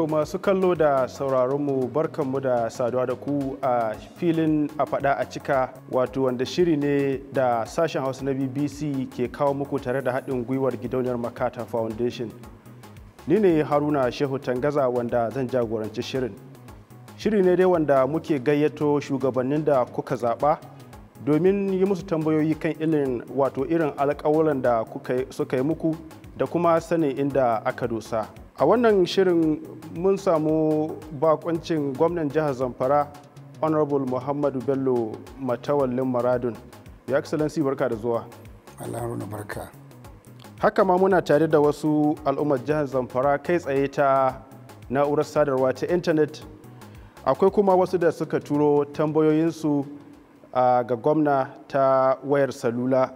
To masu kallo da sauraronmu barkanmu da saduwa da ku a filin a faɗa a cika wato wanda shiri ne da sashen hausa na BBC ke kawo muku tare da haɗin gwiwar gidauniyar Makata Foundation. Ni ne Haruna Shehu Tangaza wanda zan jagoranci shirin. Shiri ne dai wanda muke gayyato shugabannin da kuka zaɓa domin yi musu tambayoyi kan irin wato irin alƙawuran da suka yi muku da kuma sanin inda aka dosa a wannan shirin mun samu bakoncin gwamnan jihar zamfara honorable muhammadu bello matawallin maradun ya excellency barka da zuwa alharuna barka haka ma muna tare da wasu al'ummar jihar zamfara kai tsaye ta na'urar sadarwa ta intanet akwai kuma wasu da suka turo tambayoyinsu ah, ga gwamna ta wayar salula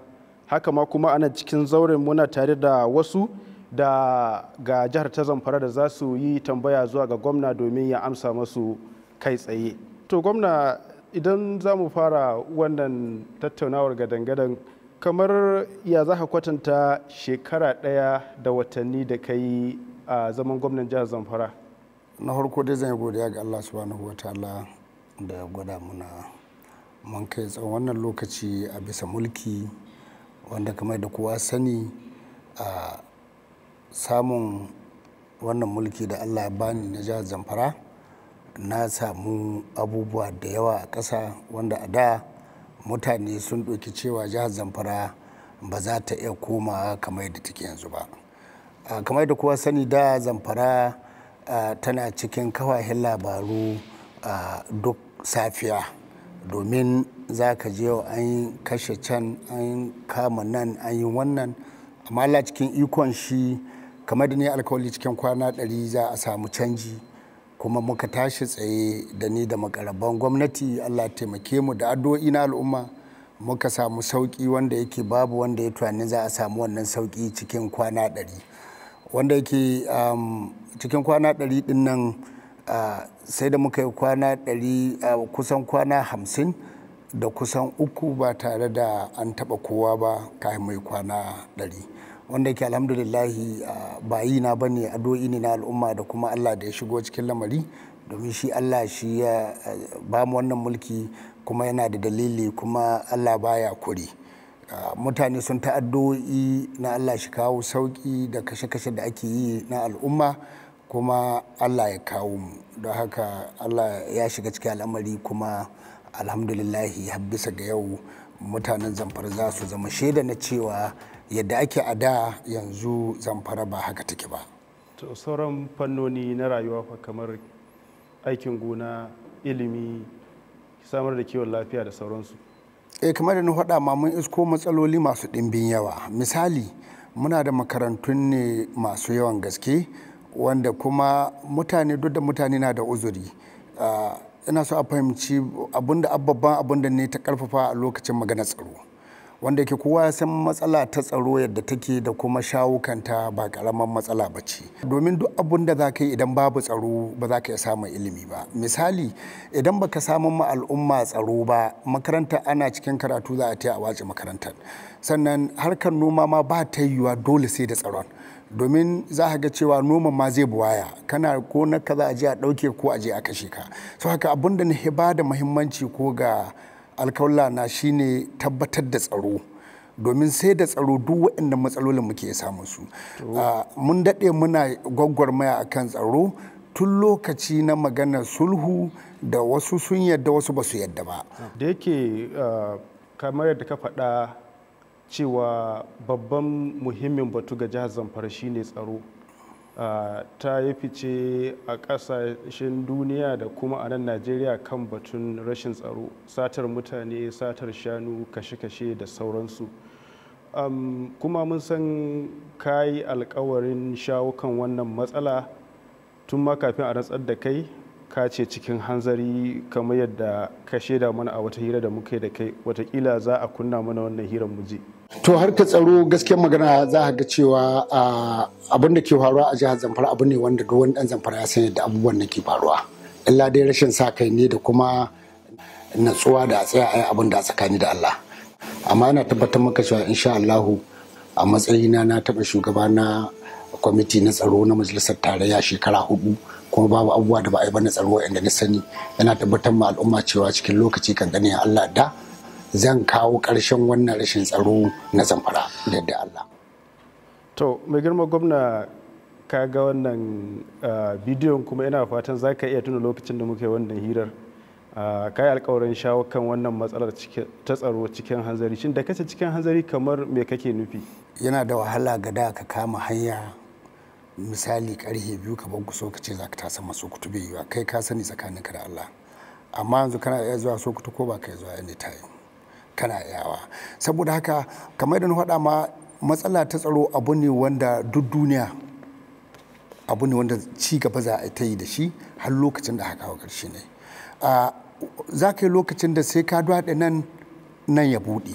haka ma kuma ana cikin zauren muna tare da wasu da ga jihar ta zamfara da za su yi tambaya zuwa ga gwamna domin ya amsa masu kai tsaye to gwamna idan za mu fara wannan tattaunawar gadangadan kamar ya za ka kwatanta shekara ɗaya da watanni da ka yi a zaman gwamnan jihar zamfara na farko dai zan yi godiya ga allah subhanahu wataala da gwada muna mun kai tsawon wannan lokaci a bisa mulki wanda kamar da kowa sani a samun wannan mulki da allah bani na jihar zamfara na samu abubuwa da yawa a ƙasa wanda a da mutane sun ɗauki cewa jihar zamfara ba za ta iya koma kamar da take yanzu ba kamar da kowa sani da zamfara tana cikin kawahin labaru duk safiya domin za ka je wa an kashe can an kama nan an yi wannan amma Allah cikin ikon shi kamar da ni alkawali cikin kwana ɗari za a samu canji kuma muka tashi tsaye da ni da makarabban gwamnati Allah taimake mu da addu'o'i na al'umma muka samu sauki wanda yake babu wanda ya tunanin za a samu wannan sauki cikin kwana ɗari wanda yake um, cikin kwana ɗari ɗin nan uh, sai da muka yi kwana ɗari uh, kusan kwana hamsin da kusan uku ba tare da an taɓa kowa ba kayan mai kwana ɗari wanda ke alhamdulillahi ba yi na bane addu'o'i ne na al'umma da kuma allah da ya shigo cikin lamari domin shi allah shi ya ba mu wannan mulki kuma yana da dalili kuma allah baya kuri mutane sun ta addu'o'i na allah shi kawo sauki da kashe-kashe da ake yi na al'umma kuma allah ya kawo mu don haka allah ya shiga cikin al'amari kuma alhamdulillahi har bisa ga yau mutanen zamfara za su zama shaida na cewa yadda ake a da yanzu zamfara ba haka take ba to sauran fannoni na rayuwa fa kamar aikin gona ilimi samar da kiwon lafiya da sauransu eh kamar da na faɗa ma mun isko matsaloli masu ɗimbin yawa misali muna da makarantun ne masu yawan gaske wanda kuma mutane duk da mutane na da uzuri ah, ina so a fahimci abinda babban abinda ne ta karfafa a lokacin maganar tsaro wanda yake kowa ya san matsala ta tsaro yadda take da kuma shawukanta ba karamar matsala ba ce domin duk abin da za ka yi idan babu tsaro ba za ka iya samun ilimi ba misali idan baka samun ma al'umma tsaro ba makaranta ana cikin karatu za a taya a wace makarantar sannan harkar noma ma ba ta yiwuwa dole sai da tsaron domin za ka ga cewa noman ma zai buwaya kana ko na kaza a je a ɗauke ko a je a kashe ka so haka abin da na ba da muhimmanci ko ga alkawla na shine tabbatar da tsaro domin sai da tsaro duk waɗanda matsalolin muke samu su ah, mun daɗe muna gwaggwarmaya kan tsaro tun lokaci na maganar sulhu da wasu sun yadda wasu ba su yadda ba da yake ah, kamar yadda ka faɗa cewa babban muhimmin batu ga jihar zamfara shine tsaro ta yi fice a ƙasashen duniya da kuma a nan najeriya kan batun rashin tsaro satar mutane satar shanu kashe-kashe da sauransu um, kuma mun san kayi alkawarin shawo kan wannan matsala tun ma kafin a rantsar da kai ka ce cikin hanzari kamar yadda ka shaida mana a wata hira da muke da kai watakila za a kunna mana wannan hirar mu to har ka tsaro gaskiyar magana za a ga cewa abin da ke faruwa a jihar zamfara abu ne wanda duk wani dan zamfara ya san yadda abubuwan da ke faruwa illa dai rashin sa kai ne da kuma natsuwa da a tsaya a abin da tsakani da Allah amma yana tabbatar maka cewa insha Allahu a matsayina na taba shugaba na kwamiti na tsaro na majalisar tarayya shekara hudu kuma babu abubuwa da ba a yi ba na tsaro inda na sani yana tabbatar ma al'umma cewa cikin lokaci kan gani Allah da zan kawo ƙarshen wannan rashin tsaro na zamfara da yadda Allah. To mai girma gwamna ka ga wannan bidiyon kuma ina fatan za ka iya tuna lokacin da muke wannan hirar ka yi alkawarin shawo kan wannan matsalar ta tsaro cikin hanzari shin da kace cikin hanzari kamar me kake nufi yana da wahala ga da ka kama hanya misali karhe biyu ka banku so ka ce za ka tasa maso kutu bai yiwa kai ka sani tsakanin ka da Allah amma yanzu kana iya zuwa so kutu ko ba ka zuwa any time kana yawa. saboda haka kamar da na faɗa ma matsala ta tsaro abu ne wanda duk duniya abu ne wanda ci gaba za a ta yi da shi har lokacin da haka karshe ne za ka yi lokacin da sai ka dwaɗe nan nan ya buɗe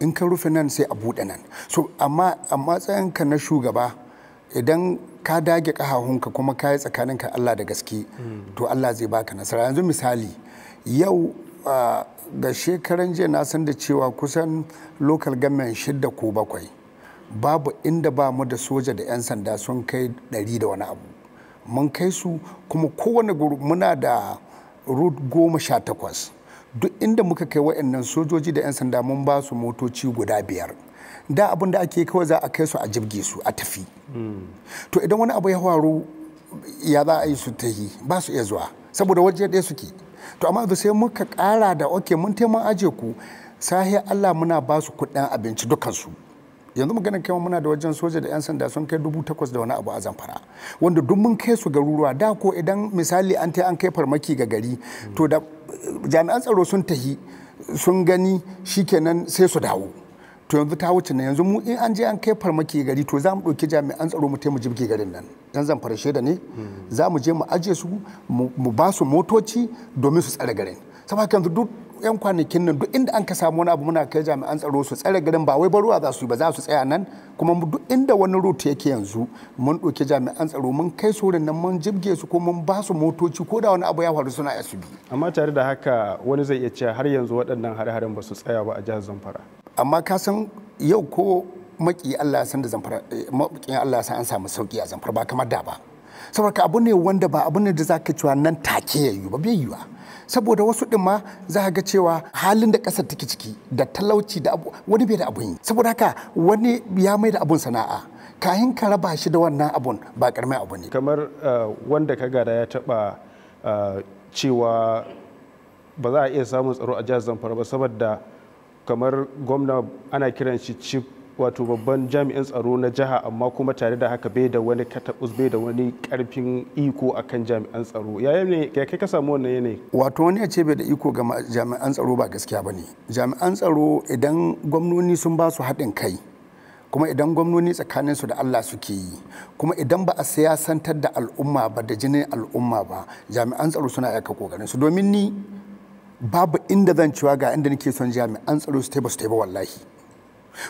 in ka rufe nan sai a buɗe nan so amma a matsayinka na shugaba idan ka dage ƙahahunka kuma ka yi tsakaninka Allah da gaske to Allah zai baka nasara yanzu misali yau ga shekaran jiya na san da cewa kusan local government shidda ko bakwai babu inda ba mu da soja da 'yan sanda sun kai ɗari da wani abu mun kai su kuma kowane guru muna da root goma sha takwas duk inda muka kai wa'annan sojoji da 'yan sanda mun ba su motoci guda biyar da abin da ake kawai za a kai su a jibge su a tafi to idan wani abu ya faru ya za a yi su tahi ba su iya zuwa saboda waje ɗaya suke to amma da sai muka kara da oke mun taimaka aje ku sahi Allah muna ba su kuɗin abinci dukansu yanzu magana kai muna da wajen soja da 'yan sanda sun kai dubu takwas da wani abu a zamfara wanda duk mun kai su garuruwa da ko idan misali an tai an kai farmaki ga gari to da jami'an tsaro sun tahi sun gani shikenan sai su dawo to yanzu ta wuce na yanzu mu in an je an kai farmaki gari to za mu ɗauki jami'an tsaro mu taimaki biki garin nan yan zan farashe da ne za mu je mu aje su mu ba su motoci domin su tsare garin saboda yanzu duk yan kwanakin nan duk inda an ka samu wani abu muna kai jami'an tsaro su tsare garin ba wai baruwa za su yi ba za su tsaya nan kuma duk inda wani rute yake yanzu mun ɗauki jami'an tsaro mun kai su nan mun jibge su ko mun ba su motoci ko da wani abu ya faru suna bi. amma tare da haka wani zai iya cewa har yanzu waɗannan har haren ba su tsaya ba a jihar Zamfara amma ka san yau ko maki Allah san da Zamfara eh, maki Allah san an samu sauki a Zamfara ba kamar da ba saboda abu ne wanda ba abu ne da zaka cewa nan take yayi ba bai yiwa saboda wasu din ma za ga cewa halin da ƙasar take ciki da talauci da wani bai da abun yi saboda haka wani ya mai da abun sana'a kayan ka raba shi da wannan abun ba karamin abu ne kamar eh, wanda ka gada ya taba eh, cewa ba za a iya samun tsaro a jihar zamfara ba saboda kamar gwamna ana kiran shi chief wato babban jami'in tsaro na jiha amma kuma tare da haka bai da wani katabus bai da wani karfin iko akan jami'an tsaro yayin ne ya kai ka samu wannan yanayi wato wani ya ce bai da iko ga jami'an tsaro ba gaskiya ba ne jami'an tsaro idan gwamnoni sun ba su haɗin kai kuma idan gwamnoni tsakanin su da Allah suke yi kuma idan ba a siyasantar da al'umma ba da jinin al'umma ba jami'an tsaro suna yaka kokarin su domin ni babu inda zan cewa ga inda nake son jami'an tsaro su taiba su taiba wallahi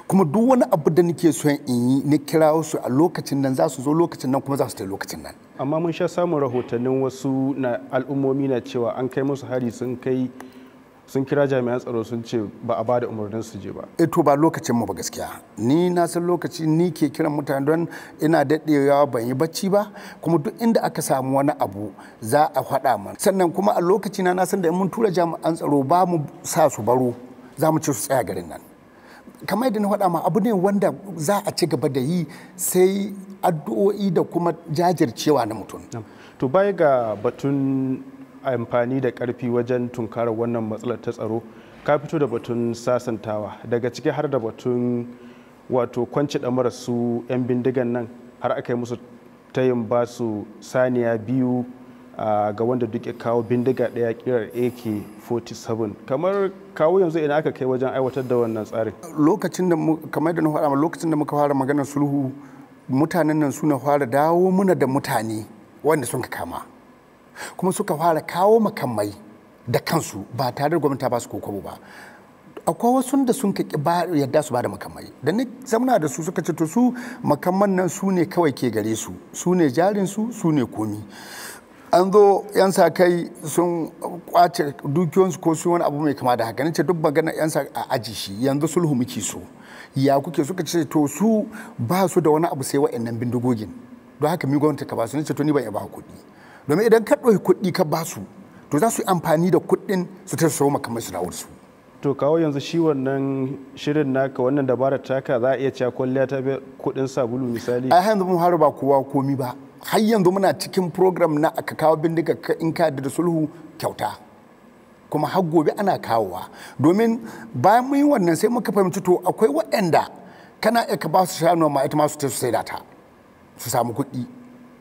kuma duk wani abu da nake so in yi na kira su a lokacin nan za su zo lokacin nan kuma za su ta lokacin nan amma mun sha samun rahotannin wasu na al'ummomi na cewa an kai musu hari sun kai sun kira jami'an tsaro sun ce ba a bada umarnin su je ba. E to ba lokacin mu ba gaskiya. Ni na san lokaci ni ke kiran mutane don ina daɗewa ban yi bacci ba kuma duk inda aka samu wani abu za a faɗa mana. Sannan kuma a lokaci na na san da mun tura jami'an tsaro ba mu sa su baro za mu ce su tsaya garin nan. kamar yadda na faɗa ma abu ne wanda za a ci gaba da yi sai addu'o'i da kuma jajircewa na mutum to baya ga batun amfani da karfi wajen tunkarar wannan matsalar ta tsaro ka fito da batun sasantawa daga ciki har da batun wato kwanci da su 'yan bindigan nan har aka yi musu tayin ba su saniya biyu ah, ga wanda duk kawo bindiga ɗaya kirar ak-47 kamar kawo yanzu ina aka kai wajen aiwatar da wannan tsarin lokacin da kamar da na faɗa lokacin da muka fara maganar sulhu mutanen nan suna fara dawo muna da mutane wanda sun kama kuma suka fara kawo makamai da kansu ba tare da gwamnati ba su kokobo ba akwai wasu da sun ka ba yadda su ba da makamai da ni zamana da su suka ce to su makamman nan su ne kawai ke gare su su ne jarin su su ne komi an zo yan sa kai sun kwace dukiyoyinsu ko sun wani abu mai kama da haka nace duk magana yan sa a aji shi yanzu sulhu muke so ya kuke suka ce to su ba su da wani abu sai wa'annan bindigogin don haka mi gwamnati ka ba su nace to ni ban ba kuɗi domin idan ka ɗauki kuɗi ka ba su to za su yi amfani da kuɗin su ta sau makamai su dawo su to kawo yanzu shi wannan shirin naka wannan dabarar taka za a iya cewa kwalliya ta kuɗin sabulu misali a yanzu mun ba kowa komi ba har yanzu muna cikin program na aka kawo bindiga in ka da sulhu kyauta kuma har gobe ana kawowa domin bayan mun yi wannan sai muka fahimci to akwai waɗanda kana iya ka ba su shanu ma ita ma su su sai su samu kuɗi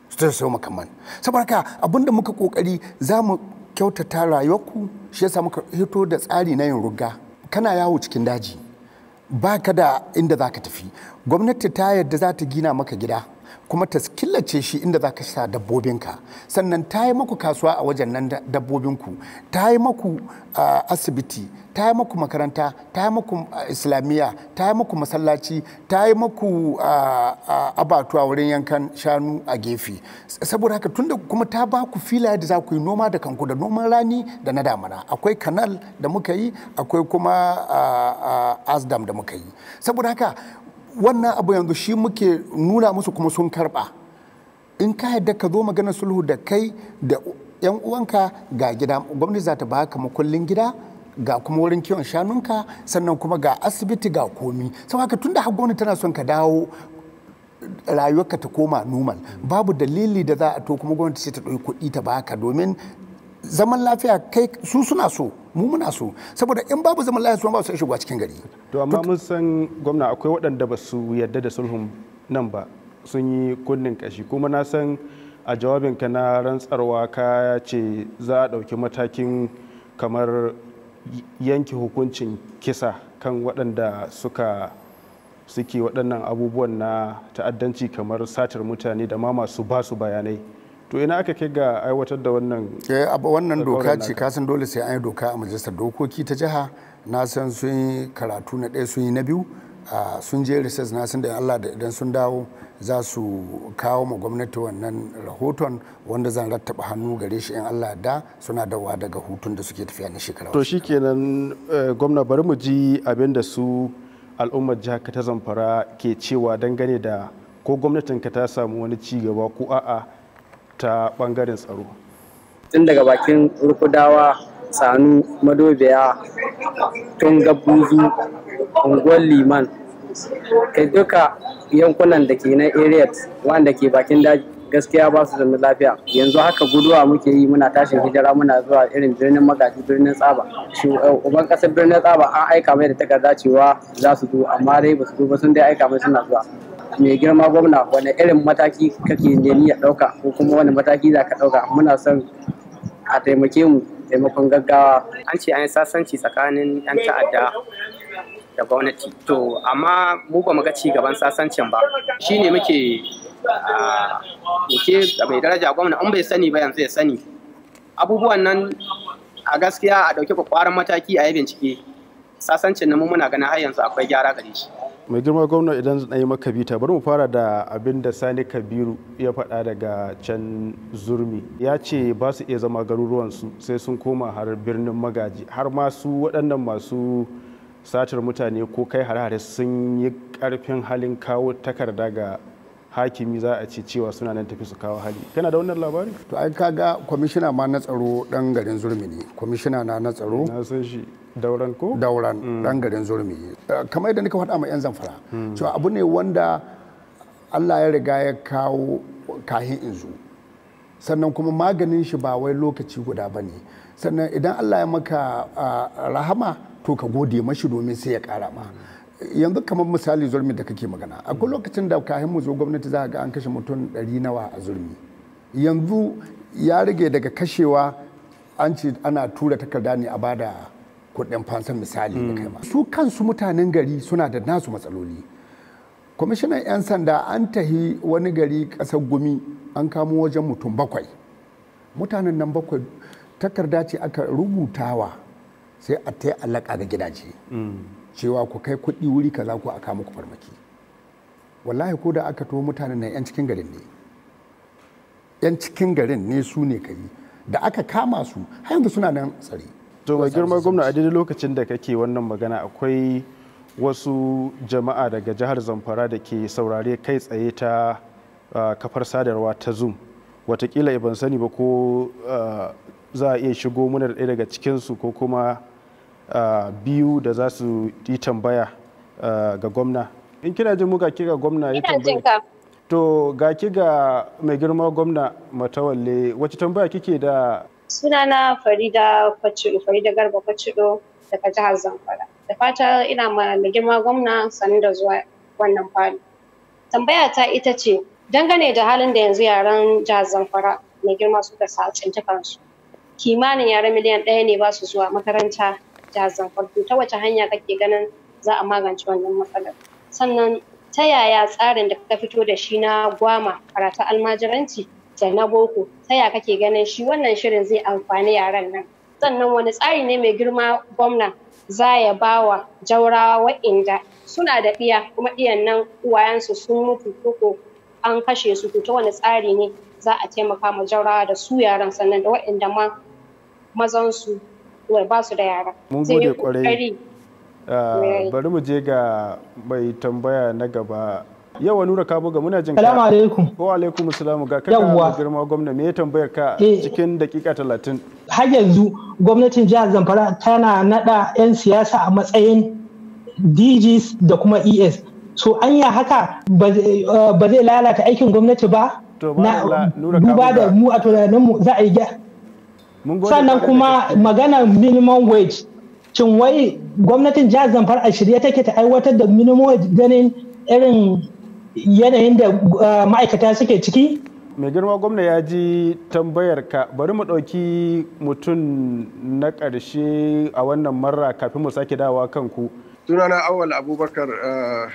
su ta sayo makaman saboda haka abinda muka kokari za mu kyautata rayuwarku shi yasa muka hito da tsari na yin rugga. kana yawo cikin daji ba ka da inda za ka tafi gwamnati ta yadda za ta gina maka gida kuma ta killace shi inda za ka sa dabbobinka sannan ta yi maku kasuwa a wajen nan dabbobinku ta yi maku asibiti ta yi maku makaranta ta yi maku islamiyya ta yi maku masallaci ta yi maku abatuwa wurin yankan shanu a gefe saboda haka tunda kuma ta ba ku filaye da za ku yi noma da kanku da noman rani da na damana akwai kanal da muka yi akwai kuma asdam da muka yi saboda haka wannan abu yanzu shi muke nuna musu kuma sun karba in ka yadda ka zo magana sulhu da kai da yan uwanka ga gida gwamnati za ta baka makullin gida ga kuma wurin kiwon shanunka sannan kuma ga asibiti ga komi sau haka da har gwamnati tana son ka dawo rayuwarka ta koma normal babu dalili da za a to kuma gwamnati sai ta ɗauki kuɗi ta baka domin zaman lafiya kai su suna so mu muna so saboda in babu zaman lafiya su ba su shigo cikin gari to amma mun san gwamna akwai waɗanda ba su yarda da sulhun nan ba sun yi kunnin kashi kuma na san a jawabinka na rantsarwa ka ce za a ɗauki matakin kamar yanke hukuncin kisa kan waɗanda suka suke waɗannan abubuwan na ta'addanci kamar satar mutane da ma masu basu bayanai to ina aka kai ga aiwatar da wannan eh, wannan doka ce kasan dole sai an yi doka a majalisar dokoki ta jiha na san sun yi karatu na ɗaya sun yi na biyu ah, sun je research na san da Allah da idan sun dawo za su kawo ma gwamnati wannan rahoton wanda zan rattaba hannu gare shi in Allah da suna dawa daga hutun da suke tafiya na shekara to shikenan eh, gwamna bari mu ji abin da su al'ummar jihar ta zamfara ke cewa dangane da ko gwamnatin ka ta samu wani ci gaba ko a'a ta bangaren tsaro tun daga bakin rukudawa sanu madobiya tun gabuzu unguwar liman kai duka yankunan da ke na area wanda ke bakin daji gaskiya ba su zama lafiya yanzu haka guduwa muke yi muna tashin hijira muna zuwa irin birnin magaji birnin tsaba eh, uban kasar birnin tsaba an aika mai da takarda cewa za su zo amma dai ba su zo ba sun dai aika mai suna zuwa mai girma gwamna wani irin mataki kake nemi ya ɗauka ko kuma wani mataki za ka ɗauka muna son a taimake mu taimakon gaggawa an ce an yi sasanci tsakanin 'yan ta'adda da gwamnati to amma mu ba mu ga ci gaban sasancin ba shine muke muke mai daraja gwamna in bai sani ba yanzu ya sani abubuwan nan a gaskiya a ɗauki kwakwaran mataki a yi bincike sasancin nan mu muna ganin har yanzu akwai gyara gare shi mai girma gwamna idan na yi maka bita bari mu fara da abin da sani kabiru ya faɗa daga can zurmi ya ce ba su iya zama garuruwansu sai sun koma har birnin magaji har ma su waɗannan masu satar mutane ko kai hare-hare sun yi karfin halin kawo takarda ga hakimi za a ce cewa suna nan tafi su kawo hali kana da wannan labari to ai kaga kwamishina ma na tsaro dan garin zurmi ne kwamishina na na tsaro na san shi dauran ko dauran dan mm. garin zurmi eh, kamar yadda nika faɗa ma yan zamfara cewa mm. abu ne wanda Allah ya riga ya kawo kahin inzu sannan kuma maganin shi ba wai lokaci guda ba ne sannan idan Allah ya maka ah, rahama to ka gode mashi domin sai ya kara ma yanzu kamar misali zulmi da kake magana akwai lokacin da kayan mu zo gwamnati za ga an kashe mutum ɗari nawa a zurmi. yanzu ya rage daga kashewa an ce ana tura takarda ne a bada kuɗin fansan misali da kai mm. su kansu mutanen gari suna da nasu matsaloli kwamishinan 'yan sanda an tahi wani gari ƙasar gumi an kamo wajen mutum bakwai mutanen nan bakwai takarda ce aka rubutawa sai a ta yi alaƙa ga gidaje mm. cewa ku kai kuɗi wuri kaza ku aka muku farmaki wallahi ko da aka to mutanen nan yan cikin garin ne yan cikin garin ne su ne kai da aka kama su har yanzu suna nan tsare to mai girma gwamna a daidai lokacin da kake wannan magana akwai wasu jama'a daga jihar zamfara da ke saurare kai tsaye ta kafar sadarwa ta zoom watakila eh, ban sani ba ko za a iya shigo muna da ɗaya daga cikinsu ko kuma biyu da za su yi tambaya ga gwamna in kina jin muka kira gwamna ya tambaya to ga ki ga mai girma gwamna matawalle wacce tambaya kike da sunana farida kwacido farida garba kwacido daga jihar zamfara da fata ina mai girma gwamna sanin da zuwa wannan fali tambaya ta ita ce dangane da halin da yanzu yaran jihar zamfara mai girma suka sa tsinci kansu kimanin yaran miliyan ɗaya ne ba su zuwa makaranta jazan farko ta wace hanya kake ganin za a magance wannan matsalar sannan ta yaya tsarin da ka fito da shi na gwama karatu almajiranci da na boko ta yaya kake ganin shi wannan shirin zai amfani yaran nan sannan wani tsari ne mai girma gwamna za ya ba wa jaurawa wa'inda suna da iya? kuma ɗiyan nan uwayensu sun mutu ko an kashe su to ta wani tsari ne za a taimaka ma jaurawa da su yaran sannan da wa'inda ma mazansu ba su da yara mun gode kwarai ah, bari mu je ga mai tambaya na gaba yawa nura ka buga muna jin salamu alaikum wa alaikum assalamu ga kaka girma gwamna me ya tambayar ka eh. cikin dakika talatin har yanzu gwamnatin jihar zamfara tana nada yan siyasa a matsayin dgs da kuma es so anya haka eh, ba zai lalata aikin gwamnati ba na duba da mu a tunaninmu za a yi sannan kuma maganar minimum wage cin wai gwamnatin jihar Zamfar a shirye take ta aiwatar da minimum wage ganin irin yanayin da uh, ma'aikata suke ciki mai girma gwamna ya ji tambayar ka bari mu ɗauki mutum na ƙarshe a wannan marra kafin mu sake dawa kanku sunana awal abubakar uh,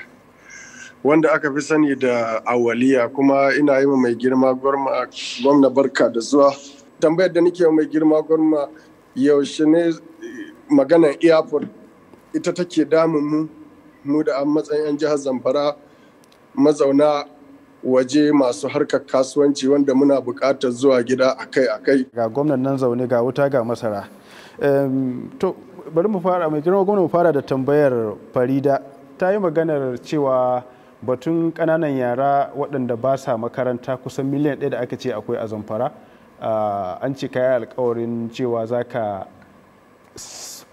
wanda aka fi sani da awaliya kuma ina yi mai girma gwamna barka da zuwa tambayar da nake mai girma gwamna yaushe ne maganar airport ita take damun mu mu da an matsayin 'yan jihar zamfara mazauna waje masu harkar kasuwanci wanda muna bukatar zuwa gida akai-akai. Ga gwamnan nan zaune ga wuta ga masara. to bari mu fara mai girma gwamna mu fara da tambayar Farida ta yi maganar cewa batun ƙananan yara waɗanda ba sa makaranta kusan miliyan ɗaya da aka ce akwai a zamfara. Ah, an ce kayan alkawarin cewa za ka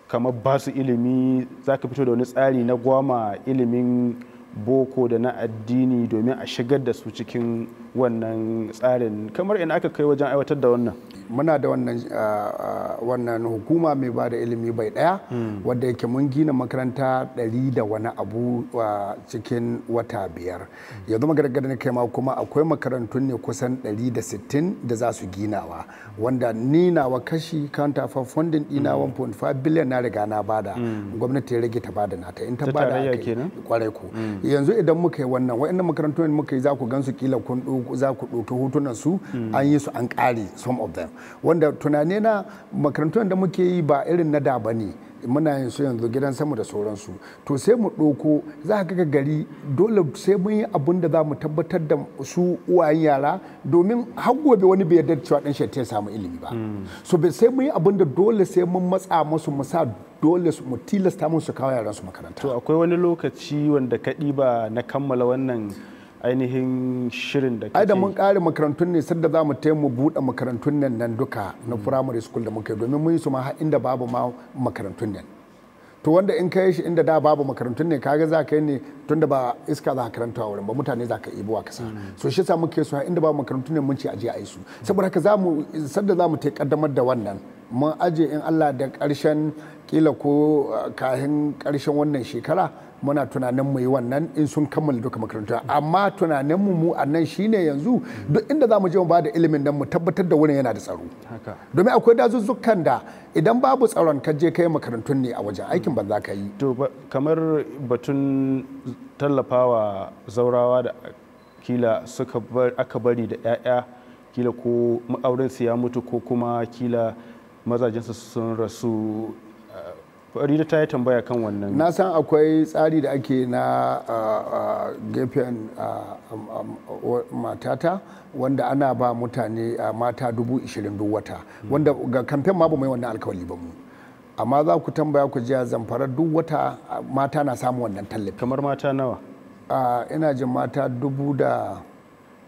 kamar ba su ilimi za ka fito da wani tsari na gwama ilimin boko da na addini domin a shigar da su cikin wannan tsarin kamar ina aka kai wajen aiwatar da wannan muna da wannan hukuma mai ba da ilimi bai daya hmm. wadda yake mun gina makaranta ɗari da wani abu cikin wata biyar hmm. yanzu magargada na kaima kuma akwai makarantun ne kusan dari da sittin da za su ginawa wanda ni nawa kashi kanta fa funding dina 1.5 hmm. billion na riga na bada gwamnati ya rage ta bada nata in ta bada kwarai ku yanzu idan muka yi wannan wa'annan makarantun muka yi za ku gansu kila kun za ku ɗauki hotunan su an yi su an ƙare some of them wanda tunane na makarantun da muke yi ba irin na da ba ne muna yin su yanzu gidan sama da sauransu to sai mu ɗauko za ka ga gari dole sai mun yi abun da za mu tabbatar da su uwayen yara domin har gobe wani bai yarda cewa dan shatta ya samu ilimi ba so sai mun yi abun da dole sai mun matsa musu mu sa dole mu tilasta musu kawo yaran su makaranta to akwai wani lokaci wanda ka ɗiba na kammala wannan ainihin shirin da ai da mun kare makarantun ne sadda za mu taimu buɗe makarantun nan nan duka na primary school da muke. domin mun yi su ma inda babu ma makarantun nan to wanda in kai shi inda da babu makarantun ne kaga za ka yi ne tunda ba iska za ka karanta a wurin ba mutane za ka ibo a kasa so shi sa muke so inda ba makarantu ne mun ce aje a yi su saboda haka zamu za zamu ta kaddamar da wannan mun aje in Allah da karshen kila ko kahin karshen wannan shekara muna tunanin mu yi wannan in sun kammala duka makaranta amma tunanin mu mu annan shine yanzu duk inda zamu je mu ba da ilimin nan mu tabbatar da wurin yana da tsaro domin akwai dazuzzukan da idan babu tsaron ka je kai makarantun ne a wajen aikin ba za ka yi to kamar batun tallafawa zaurawa da kila suka aka bari da 'ya'ya kila ko su ya mutu ko kuma kila mazajensu sun rasu eh, farida ta yi tambaya kan wannan na san akwai tsari da ake na gefen matata wanda ana ba mutane mata dubu ishirin duk wata hmm. wanda ga kamfen ma ba mai wannan alkawali ba mu amma za ku tambaya ku jiya zamfara duk wata mata na samun wannan tallafi kamar mata nawa uh, ina jin mata dubu da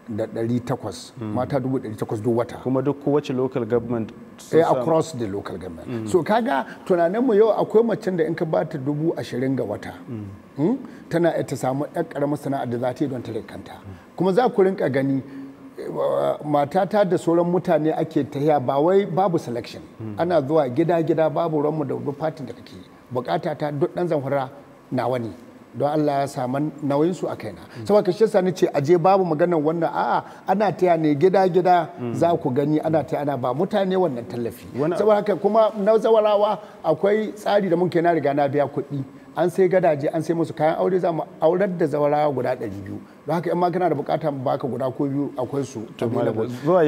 da ɗari takwas hmm. mata dubu ɗari takwas duk wata kuma duk kowace local government eh, sai across the local government mm. so kaga tunaninmu yau akwai macen da in ka ba ta dubu ashirin ga wata mm. tana ta samu ɗan ƙaramar sana'ar da za ta yi don ta kanta hmm. kuma za ku rinka gani matata da sauran mutane ake tahiya ba wai babu selection ana zuwa gida-gida babu ranmu da fatin da kake bukata ta duk dan zamfara na wani don Allah ya samu nauyin su a kaina saboda kashe sa ce aje babu maganar wannan a'a ana taya ne gida-gida za ku gani ana taya ana ba mutane wannan tallafi saboda haka kuma na zawarawa akwai tsari da mun kai na riga na biya kuɗi an sai gadaje an sai musu kayan aure za mu aurar da zawarawa guda 200 don haka yan ma kana da bukata mu baka guda ko biyu akwai su zuwa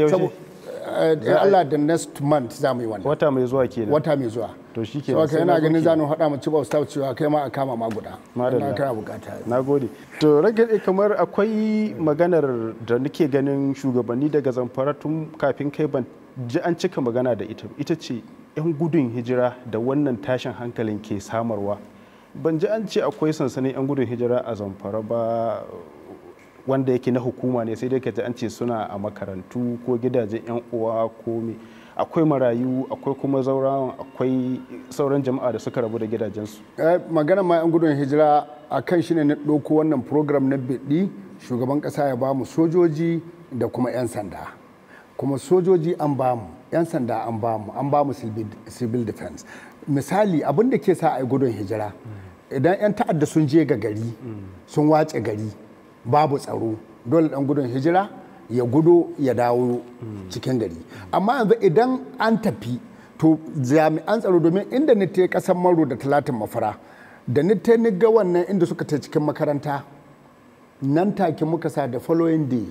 eh, eh, Allah da next month za mu yi wannan wata mai zuwa kenan wata mai zuwa to shikenan sai yana ganin zanu hada mu ci bauta cewa kai ma a kama ma guda madalla kana bukata nagode to rage kamar akwai maganar da nake ganin shugabanni daga zamfara tun kafin kai ban ji an cika magana da ita ita ce 'yan gudun hijira da wannan tashin hankalin ke samarwa ban ji an ce akwai sansanin 'yan gudun hijira a zamfara ba wanda yake na hukuma ne sai dai ka ji an ce suna a makarantu ko gidajen 'yan uwa ko me akwai marayu akwai kuma zaurawan akwai sauran jama'a da suka rabu da gidajensu eh, magana ma 'yan gudun hijira a kan shi ne na ɗauko wannan program na biɗi shugaban ƙasa ya bamu sojoji da kuma 'yan sanda kuma sojoji an bamu 'yan sanda an bamu an bamu civil defense misali abin da ke sa a gudun hijira idan 'yan ta'adda sun je ga gari sun wace gari babu tsaro dole dan gudun hijira ya gudo ya dawo cikin gari amma yanzu idan an tafi to jami'an tsaro domin inda ni ta kasan maro da talatin mafara da ni ta ni ga wannan inda suka ta cikin makaranta nan take muka sa da following day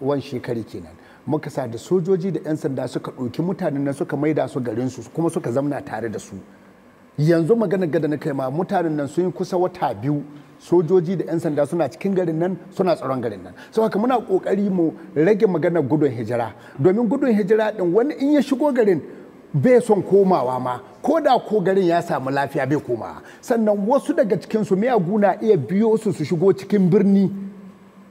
wan shekari kenan muka sa da sojoji da 'yan sanda suka ɗauki mutanen nan suka maida su garinsu kuma suka zamna tare da su yanzu magana gada na kai ma mutanen nan sun yi kusa wata biyu sojoji da 'yan sanda suna cikin garin nan suna tsaron garin nan sau haka muna kokari mu rage maganar gudun hijira domin gudun hijira din wani in ya shigo garin bai son komawa ma ko da ko garin ya samu lafiya bai komawa sannan wasu daga cikin su miyagu na iya biyo su su shigo cikin birni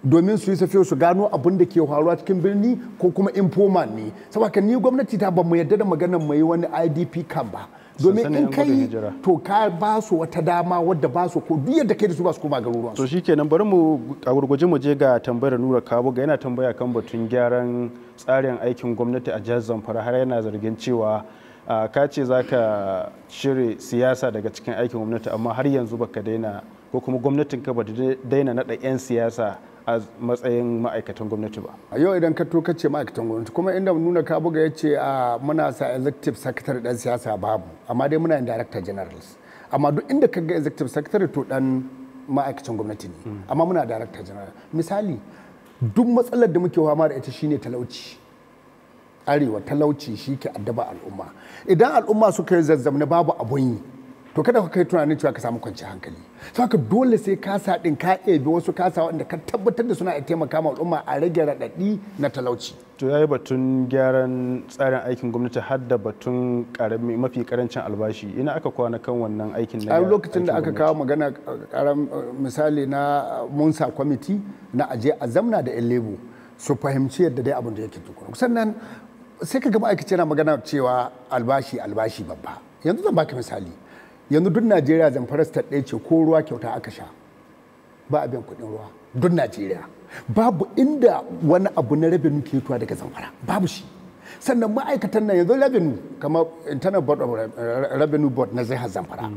domin su yi safiyo su gano abin da ke faruwa cikin birni ko kuma informal ne saboda ni gwamnati ta ba mu yarda da maganar mai wani idp kan ba domin in kai to ka ba su wata dama wadda ba su ko duk yadda kai da su ba su koma garuruwan to nan bari mu a gurguje mu je ga tambayar Nura kawo ga yana tambaya kan batun gyaran tsarin aikin gwamnati a jihar Zamfara har yana zargin cewa ka ce za ka shirya siyasa daga cikin aikin gwamnati amma har yanzu baka daina ko kuma gwamnatin ka ba daina naɗa 'yan siyasa a matsayin ma'aikatan gwamnati ba. A yau idan ka toka ce ma'aikatan gwamnati kuma inda nuna ka buga ya ce a muna sa executive secretary dan siyasa babu amma dai muna yin director generals amma duk inda ka ga executive secretary to dan ma'aikacin gwamnati ne hmm. amma muna director general misali duk matsalar da muke fama da ita shine talauci arewa talauci shi ke addaba al'umma idan al'umma suka yi zazzamne babu abun yi to kada ka kai tunanin cewa ka samu kwanciyar hankali to haka dole sai ka sa din ka ebe wasu kasa waɗanda ka tabbatar da suna taimaka ma al'umma a rage raɗaɗi na talauci to yayi batun gyaran tsarin aikin gwamnati har da batun karami mafi karancin albashi ina aka kwana kan wannan aikin na a lokacin da aka kawo magana karam uh, uh, misali na munsa kwamiti na aje a zamna da yan su fahimci yadda dai abin da yake tukuru sannan sai ka ga ma'aikaci yana magana cewa albashi albashi babba yanzu zan baka misali yanzu duk najeriya zamfara ta ɗaya ce ko ruwa kyauta aka sha ba a kuɗin ruwa duk najeriya babu inda wani abu na rabinu ke tuwa daga zamfara babu shi sannan ma'aikatan nan yanzu rabinu kama internal board revenue board na jihar zamfara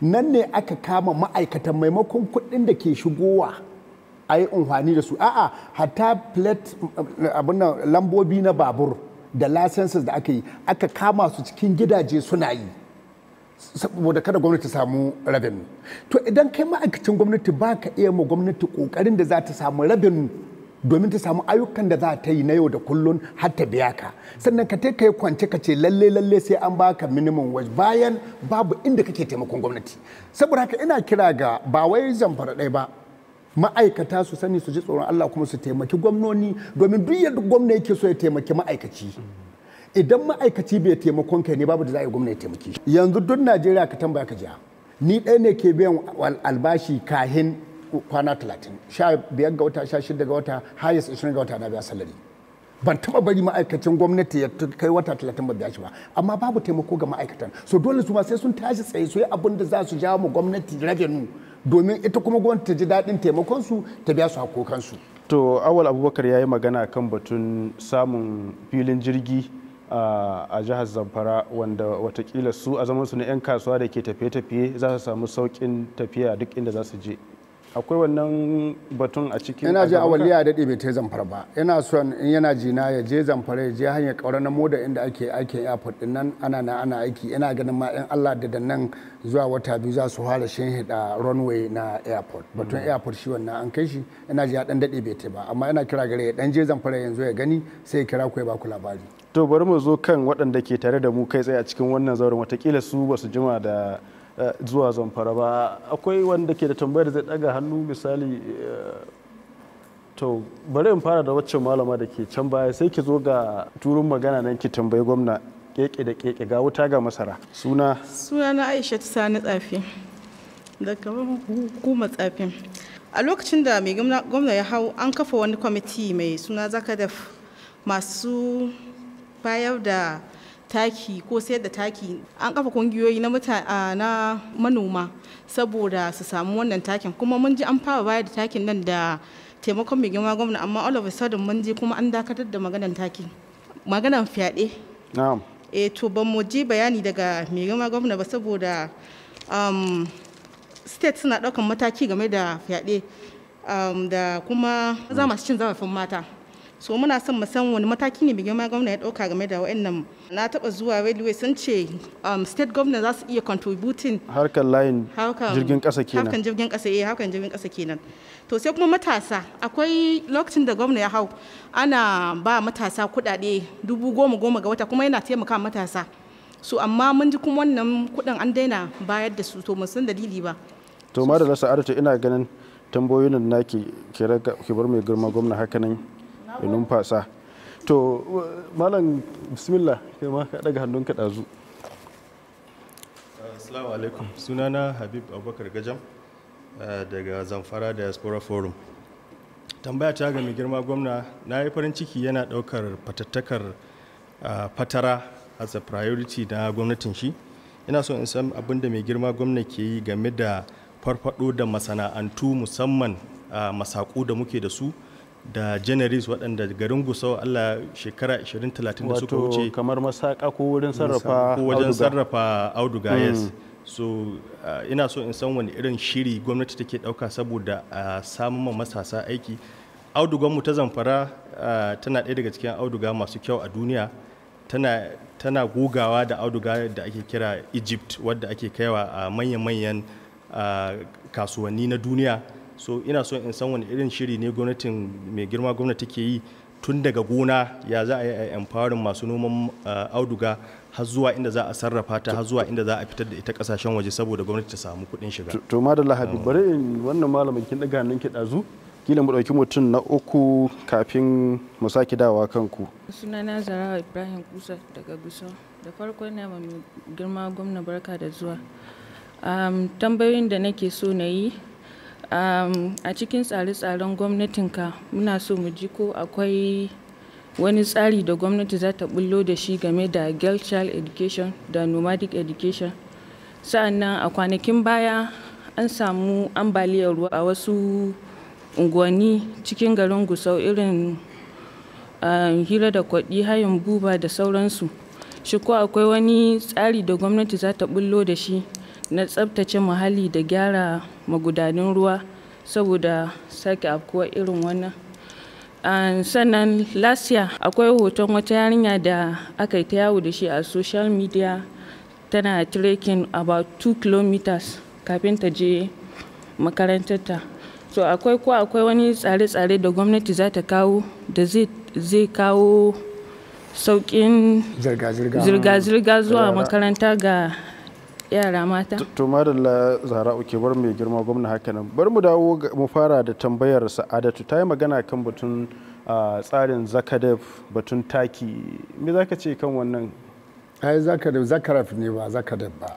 nan ne aka kama ma'aikatan maimakon kuɗin da ke shigowa a yi unhwani da su a'a hatta plate abin lambobi na babur da lasensis da aka yi aka kama su cikin gidaje suna yi saboda kada gwamnati samu rabin to idan kai ma'aikacin gwamnati ba ka iya ma gwamnati kokarin da za ta samu rabin domin ta samu ayyukan da za ta yi na yau da kullun har ta biya ka sannan ka kai yi kwance ka ce lalle lalle sai an baka minimum wage bayan babu inda kake taimakon gwamnati saboda haka ina kira ga ba wai zamfara ɗaya ba ma'aikata su sani su ji tsoron Allah kuma su taimaki gwamnoni domin duk yadda gwamna yake so ya taimaki ma'aikaci idan ma'aikaci bai taimakon kai ne babu da za a yi gwamnati taimaki yanzu duk najeriya ka tambaya ka jiya ni ɗaya ne ke biyan albashi kahin kwana talatin sha biyar ga wata sha shida ga wata hayas ishirin ga wata na biya salari ban taba bari ma'aikacin gwamnati ya kai wata talatin ba biya shi ba amma babu taimako ga ma'aikatan so dole su ma sai sun tashi tsaye su yi abin da za su jawo mu gwamnati rage ragenu domin ita kuma gwamnati ta ji daɗin taimakon su ta biya su hakokansu to awal abubakar ya yi magana kan batun samun filin jirgi a jihar zamfara wanda watakila su a zamansu na 'yan kasuwa da ke tafiye-tafiye za su samu sauƙin tafiya duk inda za su je akwai wannan batun a cikin yana ji awaliya ya daɗe ta zamfara ba yana son in yana jina ya je zamfara ya je hanyar ƙaura na moda inda ake aikin airport din nan ana na ana aiki ina ganin ma in Allah da nan zuwa wata biyu za su fara hida runway na airport batun airport shi wannan an kai shi yana ji ya ɗan daɗe bai ba amma yana kira gare ya dan je zamfara yanzu ya gani sai ya kira ku ya ba ku labari to bari mu zo kan waɗanda ke tare da mu kai tsaye a cikin wannan zauren watakila su basu jima da eh, zuwa zamfara ba akwai wanda ke da tambayar zai ɗaga hannu misali eh, to bari in fara da waccan malama da ke can baya sai ki zo ga turun magana nan ki tambayi gwamna keke da keke ga wuta ga masara suna suna na aisha ta sani tsafi da kamar hukuma tsafi a lokacin da mai gwamna ya hau an kafa wani kwamiti mai suna zakadaf masu bayar da taki ko sayar da taki an kafa kungiyoyi na manoma saboda su samu wannan takin kuma mun ji an fara bayar da takin nan da taimakon mai girma gwamna amma all of a sudden mun ji kuma an dakatar da maganan taki maganan fyaɗe e to ban mu ji bayani daga mai girma gwamna ba saboda um, state suna ɗaukan mataki game da fyaɗe um, da kuma za masu cin zarafin mata so muna son mu san wani mataki ne bigima gwamna ya dauka game da wayannan na taba zuwa railway sun ce um, state governor za su iya contributing harkar layin jirgin kasa kenan harkar jirgin kasa eh harkar jirgin kasa kenan to sai kuma matasa akwai lokacin da gwamna ya hau ana ba matasa kudade dubu goma goma ga wata kuma yana taimaka matasa so amma mun ji kuma wannan kudin an daina bayar da su to mun san dalili ba to madalla sa'adatu ina ganin tambayoyin da nake kira ki bar mai girma gwamna hakanan numfasa to malam bismillah kai ma ka daga ka ɗazu assalamu alaikum sunana habib abubakar gajam eh, daga zamfara diaspora forum tambaya ta ga mai girma gwamna na yi farin ciki yana ɗaukar fatattakar eh, fatara as a priority na gwamnatin shi ina so in san abin da mai girma gwamna ke yi game da farfado da masana'antu musamman eh, masaku da muke da su da janaris waɗanda garin gusau allah shekara 20-30 da suka wuce kamar masaka ko wurin sarrafa ko wajen sarrafa auduga yes hmm. so uh, ina so in san wani irin shiri gwamnati take ɗauka saboda a samun masasa aiki mu ta zamfara uh, tana ɗaya daga cikin auduga masu kyau a duniya tana gugawa da auduga da ake kira egypt wadda ake kaiwa a manyan-manyan uh, kasuwanni na duniya so ina so in san wani irin shiri ne gwamnatin mai girma gwamnati ke yi tun daga gona ya za a yi a empowering masu noman eh, auduga har zuwa inda za a sarrafa ta har zuwa inda za a fitar da ita kasashen waje saboda gwamnati ta samu kuɗin shiga to da lahabi bari in wannan malamin kin daga nan ki dazu kila mu dauki mutum na uku kafin mu sake dawa kanku sunana zara ibrahim kusa daga guso da farko ina mai girma gwamna barka da zuwa tambayoyin da nake so na yi A cikin tsare-tsaren gwamnatinka, muna so mu ji ko akwai wani tsari da gwamnati za ta bullo da shi game da Girl Child Education da Nomadic Education. Sa'annan a kwanakin baya an samu ambaliyar ruwa a wasu unguwanni cikin garin Gusau irin hira da kwaɗi hayan buba da sauransu. Shi ko akwai wani tsari da gwamnati za ta bullo da shi? na tsabtace muhalli da gyara magudanin ruwa saboda sake afkuwa irin wannan sannan lasiya akwai hoton wata yarinya da aka yi ta yawo da shi a social media tana trekking about 2 kilometers kafin ta je makarantarta so akwai ko akwai wani tsare-tsare da gwamnati za ta kawo da zai kawo sauƙin zirga-zirga zuwa makaranta ga yara mata to madalla zara uke bar mai girma gwamna haka nan. bar mu dawo mu fara da tambayar sa'adatu ta yi magana kan batun tsarin zakadef batun taki me zaka ce kan wannan ai zakadef zakaraf ne ba zakadef ba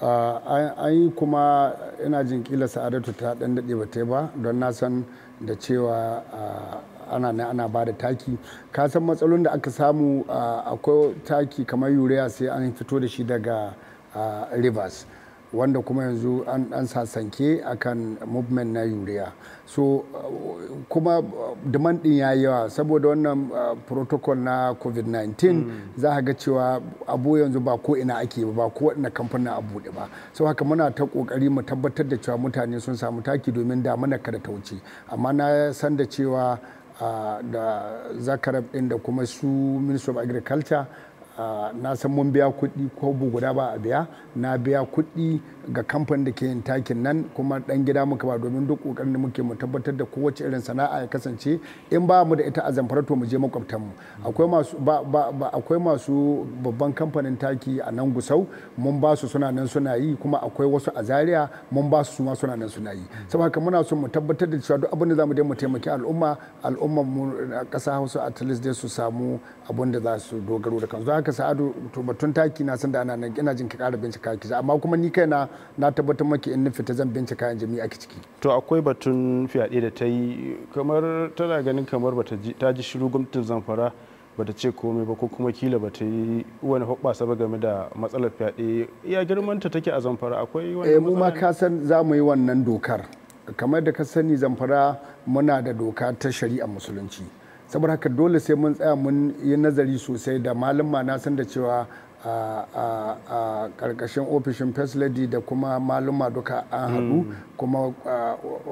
an yi kuma ina jin kila sa'adatu ta dan daɗe ba ta ba don na san da cewa ana ne ana ba da taki ka san matsalolin da aka samu akwai taki kamar urea sai an fito da shi daga a rivers wanda kuma yanzu an dan a kan movement na urea so kuma demand din ya yawa saboda wannan uh, protocol na covid-19 hmm. za ga cewa abu yanzu ba ko ina ake ba ko ina kamfanin a buɗe ba so haka muna ta kokari mu tabbatar da cewa mutane sun samu taki domin mana kada ta wuce amma na san da cewa uh, da zakarab ɗin da kuma su ministry of agriculture Ah, na san mun biya kuɗi ko guda ba a biya na biya kuɗi ga kamfan da ke yin takin nan kuma ɗan gida muka ba domin duk ƙoƙarin da muke mu tabbatar da kowace irin sana'a ya kasance in ba mu da ita a zamfara to mu je makwabtanmu akwai masu akwai masu babban kamfanin taki a nan gusau mun ba su suna nan suna yi kuma akwai wasu a zaria mun ba su suma suna nan suna yi saboda haka muna so mu tabbatar da cewa duk abin da zamu dai mu taimaki al'umma al'umma mu ƙasa Hausa at least dai su samu abin da za su dogaro da kansu haka sa'adu to batun taki na san da ana nan ina jin ka ƙara bincika ki amma kuma ni kaina na tabbatar maki in fita zan bincika in jami'a ki ciki to akwai batun fyaɗe da ta yi kamar tana ganin kamar bata ta ji shiru gwamnatin zamfara bata ce komai ba ko kuma kila bata yi wani hoɓɓasa ba game da matsalar fyaɗe ya girmanta take a zamfara akwai wani eh, mu ma ka san za mu yi wannan dokar kamar da ka sani zamfara muna da doka ta shari'a musulunci saboda haka dole sai mun tsaya mun yi nazari sosai da malama na san da cewa a karkashin ofishin first lady da kuma maluma duka an haɗu mm. kuma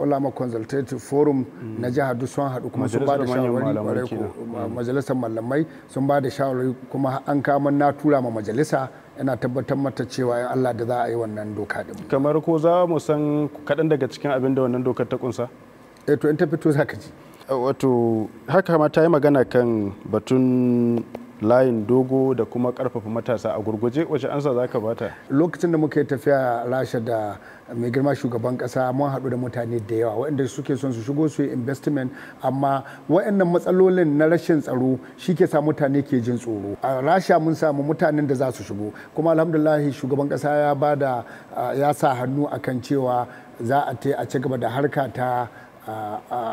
olama consultative forum mm. na jihar duk sun haɗu kuma sun ba da shawarwari mm. majalisar malamai sun ba da shawarwari kuma an kama na tura ma majalisa yana tabbatar mata cewa ya Allah da za a yi wannan doka din kamar ko za mu san kaɗan daga cikin abin da wannan dokar ta kunsa eh to in ta fito za ka ji Eh, wato haka ma ta yi magana kan batun layin dogo da kuma karfafa matasa a gurguje wace ansa za ka bata lokacin da muka yi tafiya rasha da mai girma shugaban kasa mun haɗu da mutane da yawa waɗanda suke son su shigo su yi investment amma waɗannan matsalolin na rashin tsaro shi ke sa mutane ke jin tsoro a rasha mun samu mutanen da za su shigo kuma alhamdulahi shugaban kasa ya bada ya sa hannu akan cewa za a ci gaba da harka ta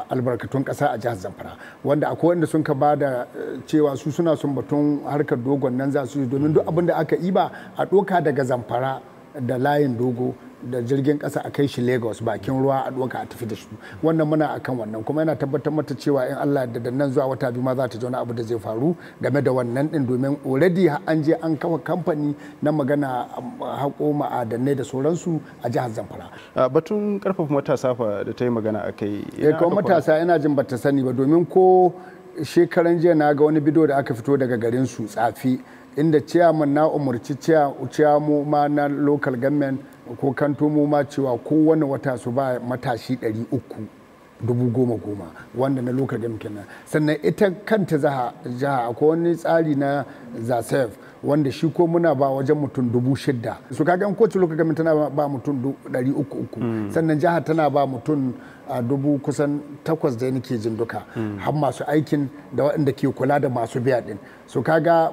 albarkatun ƙasa a jihar zamfara wanda akwai wanda sun ka ba da eh, cewa su suna sun batun harkar dogon nan za su yi domin duk abin da aka iba a ɗoka daga zamfara da layin dogo da jirgin kasa a kai shi lagos bakin ruwa a doka a tafi da shi wannan muna akan wannan kuma yana tabbatar mata cewa in allah da da nan zuwa wata biyu ma za ta ji wani abu da zai faru game da wannan din domin already an je an kawo kamfani na magana haƙo ma'adanai da sauransu a jihar zamfara batun karfafa matasa fa da ta yi magana a kai eh, kuma matasa ina jin bata sani ba domin ko shekaran jiya na ga wani bidiyo da aka fito daga garin su tsafi inda ciyaman na umarci ciyamu ma na local government ko kanto ma cewa kowane wata su ba matashi uku dubu goma goma wanda na lokacin kenan sannan ita kanta jiha akwai wani tsari na zasef wanda shi ko muna ba wajen mutum dubu shida su kaga in kowace lokacin tana ba mutum dari uku uku mm. sannan jihar tana ba mutum a dubu kusan takwas da nake jin duka mm. har masu aikin da waɗanda ke kula da masu biya ɗin su kaga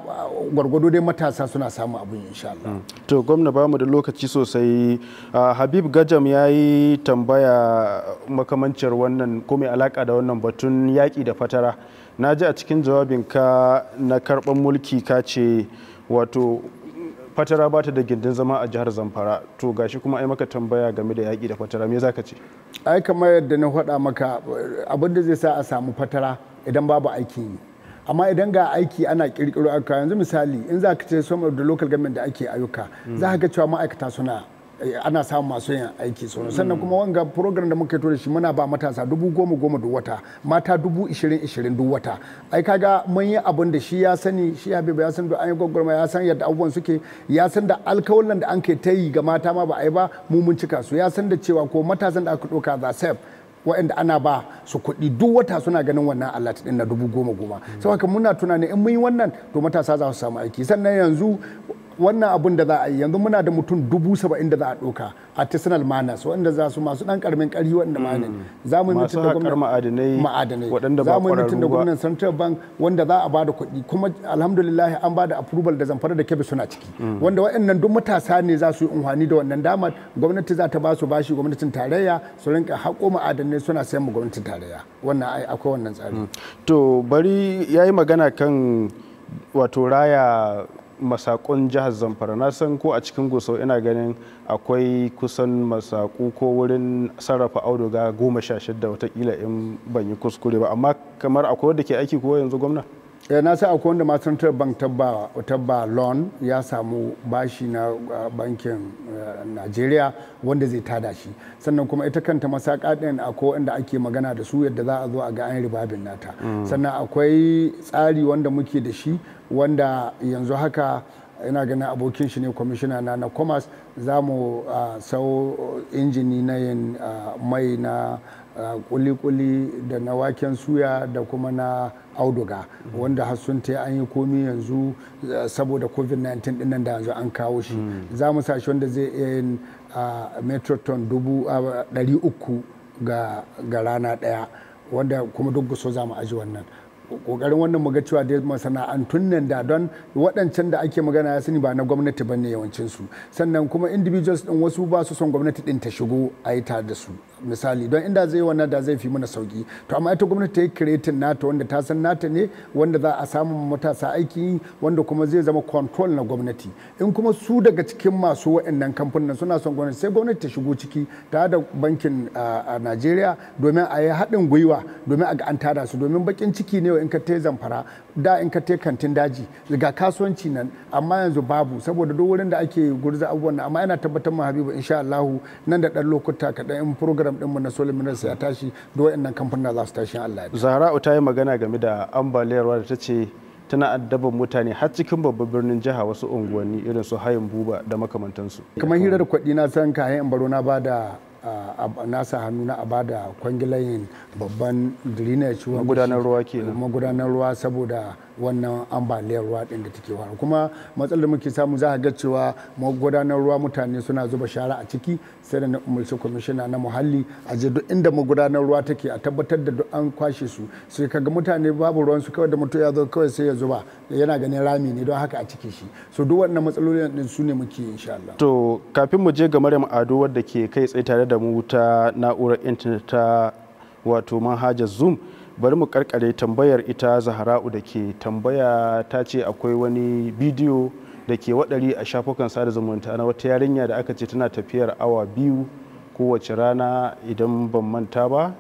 gwargwado dai matasa suna samun abin insha Allah mm. to gwamna ba mu da lokaci sosai Habib Gajam ya yi tambaya makamancin wannan ko mai alaka da wannan batun yaƙi da fatara na ji a cikin jawabinka na karɓar mulki ka ce wato fatara ba ta da gindin zama a jihar zamfara to gashi kuma ai maka tambaya game da yaƙi da fatara me zaka ce ai kamar yadda na faɗa maka abin da zai sa a samu fatara idan babu aiki ne amma idan ga aiki ana kirkiro aka yanzu misali in za ka ce some of the local government da ake ayyuka za ka ga cewa ma'aikata suna ana samun masu yin aiki sauran sannan kuma wanga program da muka da shi muna ba matasa dubu goma goma duk wata mata dubu ishirin ishirin duk wata ai kaga mun yi abin da shi ya sani shi ya ya san da an yi gwagwarma ya san yadda abubuwan suke ya san da alkawalan da an kai ta yi ga mata ma ba a yi ba mu mun cika su ya san da cewa ko matasan da aka ɗauka za sef waɗanda ana ba su kuɗi duk wata suna ganin wannan alat ɗin na dubu goma goma sau haka muna tunanin in mun yi wannan to matasa za su samu aiki sannan yanzu wannan abun da za a yi yanzu muna da mutum dubu saba'in da za a ɗauka artisanal manas waɗanda za su masu ɗan ƙaramin ƙari waɗanda ne. Mm. za mu yi mutum da gwamnati ma'adanai waɗanda za mu yi mutum da gwamnati central bank wanda za a bada kuɗi kuma alhamdulillah an bada approval da zamfara da kebe suna ciki mm. wanda waɗannan duk matasa ne za su yi unhwani da wannan damar gwamnati za ta ba su bashi gwamnatin tarayya su rinka haƙo ma'adanai suna sayan mu gwamnatin tarayya wannan akwai wannan tsari mm. to bari ya yi magana kan wato raya masaƙun jihar zamfara na san ko a cikin gusau ina ganin akwai kusan masaku ko wurin sarrafa auduga goma sha shidda watakila in ban kuskure ba amma kamar akwai wanda ke aiki ko yanzu gwamna eh, na sa akwai wanda matan bank tabba loan ya samu bashi na bankin najeriya wanda zai tada shi sannan kuma ita kanta masaka ɗin akwai wanda ake magana da su yadda za a zo a ga an ribabin nata mm. sannan akwai tsari wanda muke da shi wanda yanzu haka ina ganin abokin shi ne kwamishina na na commerce za mu sau injini na yin mai na kuli-kuli da na waken suya da kuma na auduga mm. wanda har sun ta an yi komi yanzu saboda covid-19 dinnan da yanzu an kawo shi mm. za mu sashi wanda zai iya yin metroton uku ga rana daya wanda kuma duk so za mu aji wannan kokarin wannan muga cewa da masana'antun nan da don waɗancan da ake magana ya sani ba na gwamnati ba ne yawancinsu sannan kuma individuals din wasu ba su son gwamnati ɗin ta shigo a yi tare da su misali don inda zai wannan da zai fi mana sauki to amma ita gwamnati ta yi kiretin nata wanda ta san nata ne wanda za a samu matasa aiki wanda kuma zai zama control na gwamnati in kuma su daga cikin masu waɗannan kamfanin suna son gwamnati sai gwamnati ta shigo ciki ta da bankin a Najeriya domin a yi haɗin gwiwa domin a ga an tada su domin bakin ciki ne in ka ta zamfara da in ka ta kantin daji daga kasuwanci nan amma yanzu babu saboda duk wurin da ake gurza abubuwan amma yana tabbatar mu Habibu insha Allah nan da ɗan lokuta kaɗan in program program ɗinmu na solar minerals ya tashi da waɗannan kamfanin za su tashi Allah ya Zahra'u ta yi magana game da ambaliyarwa da ta ce tana addaban mutane har cikin babban birnin jiha wasu unguwanni irin su hayan buba da makamantansu kamar hirar kwaɗi na san kayan ambaro na ba da nasa hannu na ba da kwangilayin babban drainage magudanar ruwa kenan magudanar ruwa saboda wannan ambaliyar ruwa din da take faru kuma matsalar da muke samu za ga cewa magudanar ruwa mutane suna zuba shara a ciki sai da na umarci kwamishina na muhalli a je duk inda magudanar ruwa take a tabbatar da duk an kwashe su sai kaga mutane babu ruwan su kawai da mutum ya zo kawai sai ya zuba yana ganin rami ne don haka a ciki shi so duk wannan matsalolin din su ne muke insha Allah to kafin mu je ga Maryam Ado wadda ke kai tsaye tare da mu ta na'urar intanet ta wato manhajar Zoom bari mu karkare tambayar ita zahrau da ke tambaya ta ce akwai wani bidiyo da ke wadari a shafukan sada zumunta na wata yarinya da aka ce tana tafiyar awa biyu kowace rana idan ban manta ba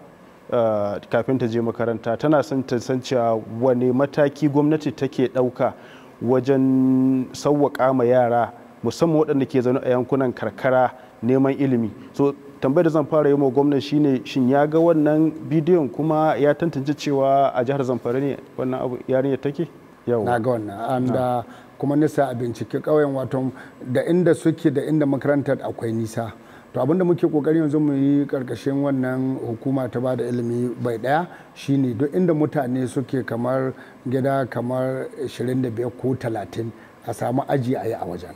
eh, kafin ta je makaranta tana son ta san cewa wani mataki gwamnati take dauka wajen sauwaka ma yara musamman waɗanda ke zaune a yankunan karkara neman ilimi so tambayar da zan fara yi ma gwamnan shine shin ya ga wannan bidiyon kuma ya tantance cewa a jihar zamfara ne wannan abu yarinya take yau na ga wannan da uh, kuma nisa a bincike ƙauyen wato da inda suke da inda makarantar akwai nisa to abinda muke kokarin yanzu mu yi karkashin wannan hukuma ta bada ilimi bai daya shine duk inda mutane suke kamar gida kamar 25 ko 30 a samu aji a yi a wajen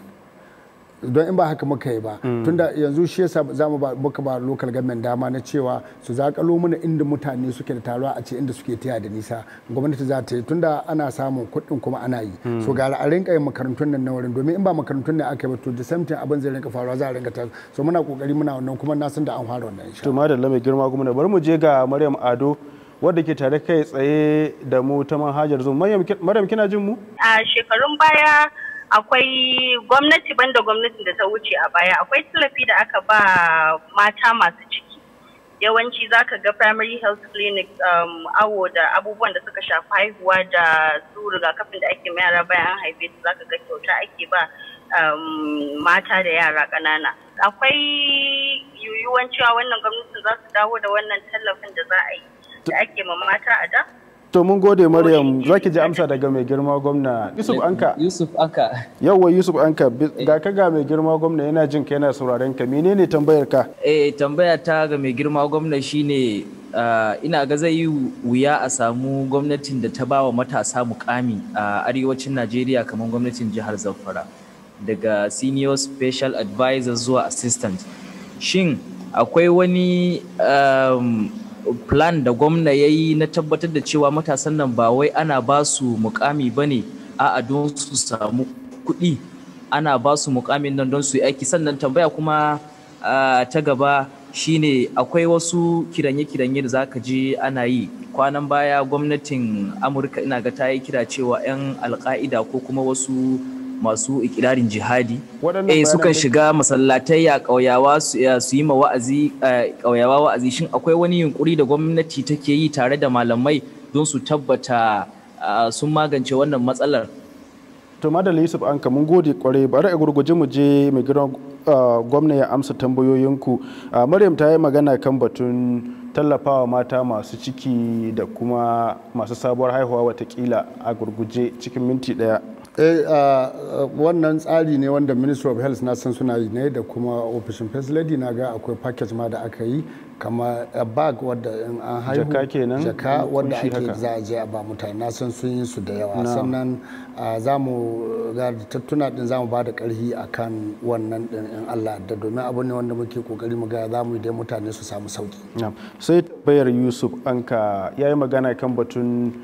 don in ba haka muka yi ba mm. tunda yanzu shi yasa za mu muka ba local government dama na cewa su zakalo mana inda mutane suke da taruwa a ce inda suke taya da nisa gwamnati za ta yi tunda ana samun kuɗin kuma ana yi mm. so gara a rinka yin makarantun nan na wurin domin in ba makarantun ne aka yi ba to da samtin abin zai rinka faruwa za a rinka ta so muna kokari muna wannan kuma na san da an fara wannan insha to madalla mai girma gwamnati bari mu je ga Maryam Ado wadda ke tare kai tsaye da mu ta manhajar Zoom Maryam kina jin mu a shekarun baya akwai gwamnati banda gwamnatin da ta wuce a baya akwai tallafi da aka ba mata masu ciki yawanci za ka ga primary health clinic um, awo da abubuwan da suka shafi haihuwa da su rigakafin da ake ma yara bayan an haife su za ka ga kyauta ake ba um, mata da yara ƙanana akwai yiwuwan cewa wannan gwamnatin za su dawo da wannan tallafin da za a yi da ake ma mata a da To mun gode Maryam za ki ji amsa daga mai girma gwamna Yusuf Anka. Yusuf Anka. Yawwa Yusuf Anka eh. ga ka ga mai girma gwamna yana jin ka yana sauraren ka menene tambayar ka? Eh tambaya ta ga mai girma gwamna shine ah, ina ga zai yi wuya a samu gwamnatin da ta bawa matasa mukami a arewacin Najeriya kamar gwamnatin jihar Zamfara daga senior special advisor zuwa assistant. Shin akwai wani ah, plan da gwamna ya yi na tabbatar da cewa matasan nan ba wai ana ba su mukami ba ne a don su samu kuɗi ana ba su mukamin nan don su yi aiki sannan tambaya kuma ta gaba shine akwai wasu kiranye-kiranye da za ka je ana yi kwanan baya gwamnatin amurka ina ga ta yi kira cewa 'yan alka'ida ko kuma wasu masu ikirarin jihadi eh sukan shiga masallatai a ƙauyawa su eh, yi ma wa'azi eh, ƙauyawa wa'azi shin akwai wani yunkuri da gwamnati take yi tare da malamai don su tabbata eh, sun magance wannan matsalar to madalla yusuf anka mun gode kwarai bari a gurguje mu je mai gidan gwamna ya amsa tambayoyinku maryam ta yi magana kan batun tallafawa mata masu ciki da kuma masu sabuwar haihuwa watakila a gurguje cikin minti daya Eh, wannan tsari ne wanda ministry of health na san suna yi ne da kuma ofishin first lady na ga akwai package ma da aka yi kama bag wadda in an haihu jaka kenan jaka wadda ake za a je a ba mutane na san sun yi su da yawa sannan za mu ga tattuna din za mu ba da karhi akan wannan din in Allah da domin abu ne wanda muke kokari mu ga za mu yi mutane su samu sauki sai bayar Yusuf anka yayi magana kan batun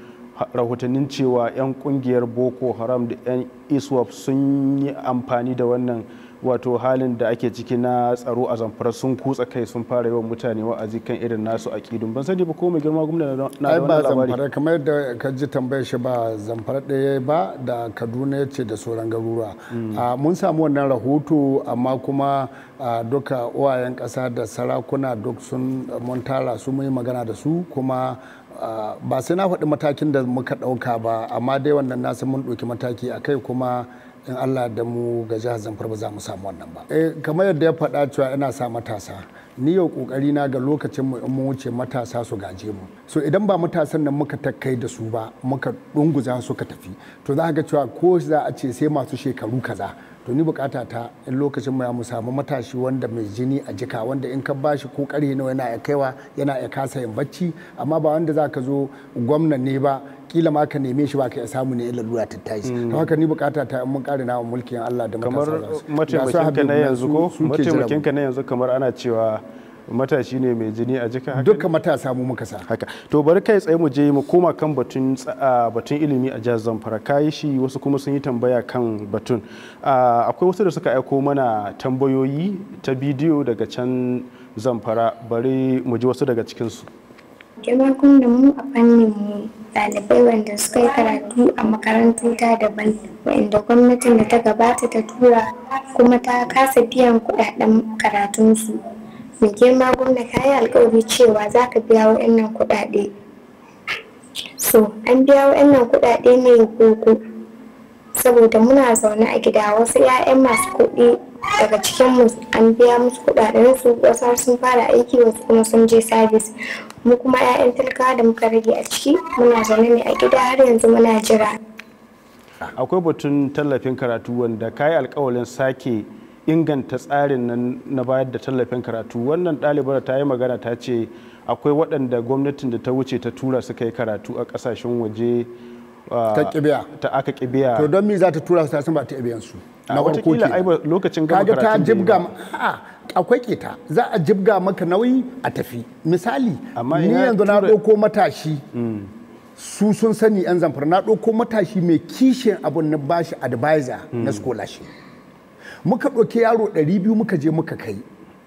rahotannin cewa 'yan kungiyar boko haram da 'yan iswap sun yi amfani da wannan wato halin da ake ciki na tsaro a zamfara sun kutsa kai sun fara yawan mutane wa'azi kan irin nasu a kidun ban sani ba ko mai girma gumna na da ba zamfara kamar yadda ka ji tambayar shi ba zamfara ɗaya ba da kaduna ya ce da sauran garuruwa hmm. mun samu wannan rahoto amma kuma duka uwayen ƙasa da sarakuna duk sun mun tara su mun yi magana da su kuma ba sai na faɗi matakin da muka ɗauka ba amma dai wannan na mun ɗauki mataki a kai kuma in Allah da mu ga jihar Zamfara ba za mu samu wannan ba. Eh, kamar yadda ya faɗa cewa ina sa matasa ni yau kokari na ga lokacin mu in mun wuce matasa su gaje mu. So idan ba matasan nan muka takkai da su ba muka dunguza ka tafi to za ga cewa ko za a ce sai masu shekaru kaza to ni bukata ta in lokacin mu ya mu samu matashi wanda mai jini a jika wanda in ka bashi ko karhe ne yana ya kaiwa yana ya kasa yin bacci amma ba wanda za ka zo gwamna ne ba kila ma ka neme shi ba ka samu ne illa lura ta tashi to mm. haka ni bukata ta in mun kare na mulkin Allah da matasa kamar mataimakin ka na yanzu ko mataimakin ka na yanzu kamar ana cewa matashi ne mai jini a jika dukkan matasa mu muka sa haka to bari kai tsaye mu je mu koma kan batun batun ilimi a jihar Zamfara kai shi wasu kuma sun yi tambaya kan batun akwai wasu da suka aiko mana tambayoyi ta bidiyo daga can Zamfara bari mu ji wasu daga cikin su Jama'akun da mu a fannin mu ɗalibai wanda suka yi karatu a makarantu ta daban wa'inda gwamnatin da ta gabata ta tura kuma ta kasa biyan kuɗaɗen karatunsu. mai girma gwamna ka yi alkawari cewa za ka biya wa'annan kuɗaɗe so an biya wa'annan kuɗaɗe ne gogo saboda muna zaune a gida wasu 'ya'yan masu kuɗi daga cikinmu an biya musu kuɗaɗen su wasu sun fara aiki wasu kuma sun je sabis mu kuma 'ya'yan talakawa da muka rage a ciki muna zaune ne a gida har yanzu muna jira akwai batun tallafin karatu wanda kayi alkawalin sake inganta tsarin nan na bayar da tallafin karatu wannan ɗalibar ta yi magana ta ce akwai waɗanda gwamnatin da ta wuce ta tura suka yi karatu a ƙasashen waje ta kibiya ta aka kibiya to don me za ta tura su ta ba ta biyan su na farko ke ai lokacin gaba karatu ta jibga akwai keta za a jibga maka nauyi a tafi misali ni yanzu na ɗauko matashi mm. su sun sani yan zamfara na ɗauko matashi mai kishin abun na bashi advisor na mm. scholarship muka ɗauki yaro ɗari biyu muka je muka kai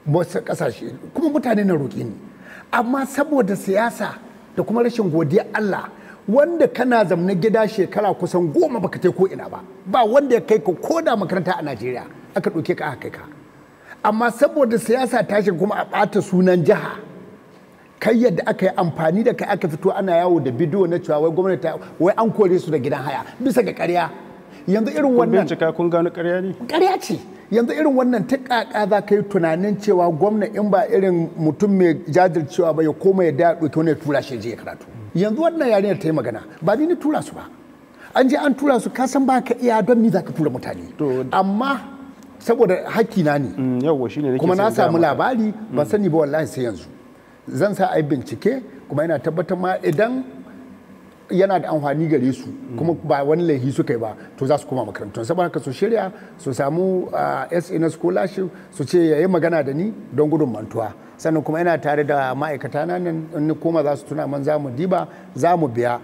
wasu ƙasashe kuma mutane na roƙe ni amma saboda siyasa da kuma rashin godiya Allah wanda kana zamna gida shekara kusan goma baka tai ko ina ba ba wanda ya kai ka ko da makaranta a Najeriya aka ɗauke ka aka kai ka amma saboda siyasa tashin kuma a ɓata sunan jiha kai yadda aka yi amfani da kai aka fito ana yawo da bidiyo na cewa wai gwamnati wai an kore su da gidan haya bisa ga ƙarya yanzu irin wannan kun bincika kun gano ƙarya ne ƙarya ce yanzu irin wannan ta ƙaƙa za ka yi tunanin cewa gwamna in ba irin mutum mai jajircewa ba ya koma ya daɗo ɗauki wani ya tura shi je ya karatu yanzu wannan yarinyar ta yi magana ba ni ni tura su ba an je an tura su kasan san ba ka iya don ni za ka tura mutane amma saboda hakina ne mm, kuma na samu labari ban mm. sani ba wallahi sai yanzu zan sa yi bincike kuma yana tabbatar ma idan yana da amfani gare su kuma ba wani laihi suka yi ba to za su koma makarantun saboda ka su shirya su samu ah, sa na scholarship su ce ya yi magana da ni don gudun mantuwa sannan kuma yana tare da ma'aikata nan in koma za su tuna man za mu diba za mu biya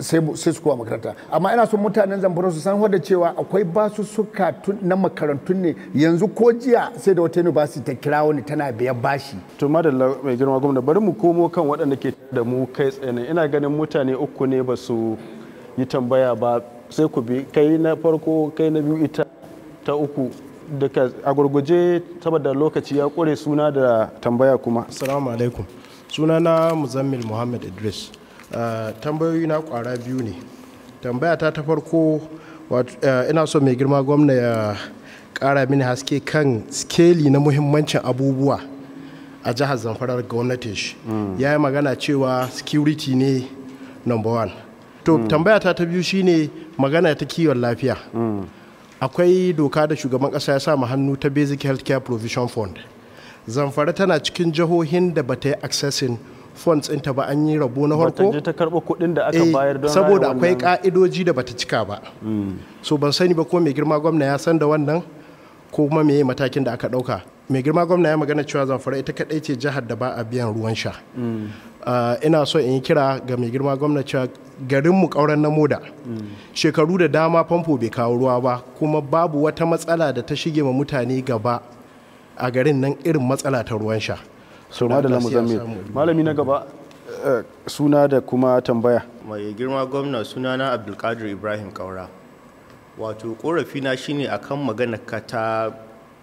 sai su kowa makaranta amma ina son mutanen zamfara su san wadda cewa akwai suka na makarantun ne yanzu ko jiya sai da wata university ta kira wani tana biyan bashi to madalla mai girma gwamna bari mu komo kan waɗanda ke da mu kai tsaye ina ganin mutane uku ne ba su yi tambaya ba sai ku bi kai na farko kai na biyu ita ta uku daga a gurguje saboda lokaci ya kure suna da tambaya kuma assalamu suna muzammil muhammad idris Ah, tambayoyi na kwara biyu ne tambaya ta ta farko eh, ina so mai girma gwamna ya kara mini haske kan skeli na muhimmancin abubuwa a jihar zamfarar gwamnatin shi mm. ya yi magana cewa security ne number one to mm. tambaya ta ta biyu shine magana ta kiwon lafiya mm. akwai doka da shugaban kasa ya samu hannu ta basic healthcare provision fund zamfara tana cikin jihohin da bata yi accessing funds ta ba an yi rabo na farko ta karɓo kuɗin da aka eh, bayar don saboda akwai ka'idoji da bata cika ba hmm. so ban sani ba ko mai girma gwamna ya san da wannan ko kuma me matakin da aka ɗauka mai girma gwamna ya magana cewa zamfara ita kaɗai ce jihar da ba a biyan ruwan sha hmm. ah, ina so in yi kira ga mai girma gwamna cewa garin mu ƙauren na moda hmm. shekaru da dama famfo bai kawo ruwa ba kuma babu wata matsala da ta shige ma mutane gaba a garin nan irin matsala ta ruwan sha so madalla muzammil malami na gaba eh, suna da kuma tambaya mai girma gwamna sunana abdulkadir ibrahim kaura wato korafina shine akan magana ka ta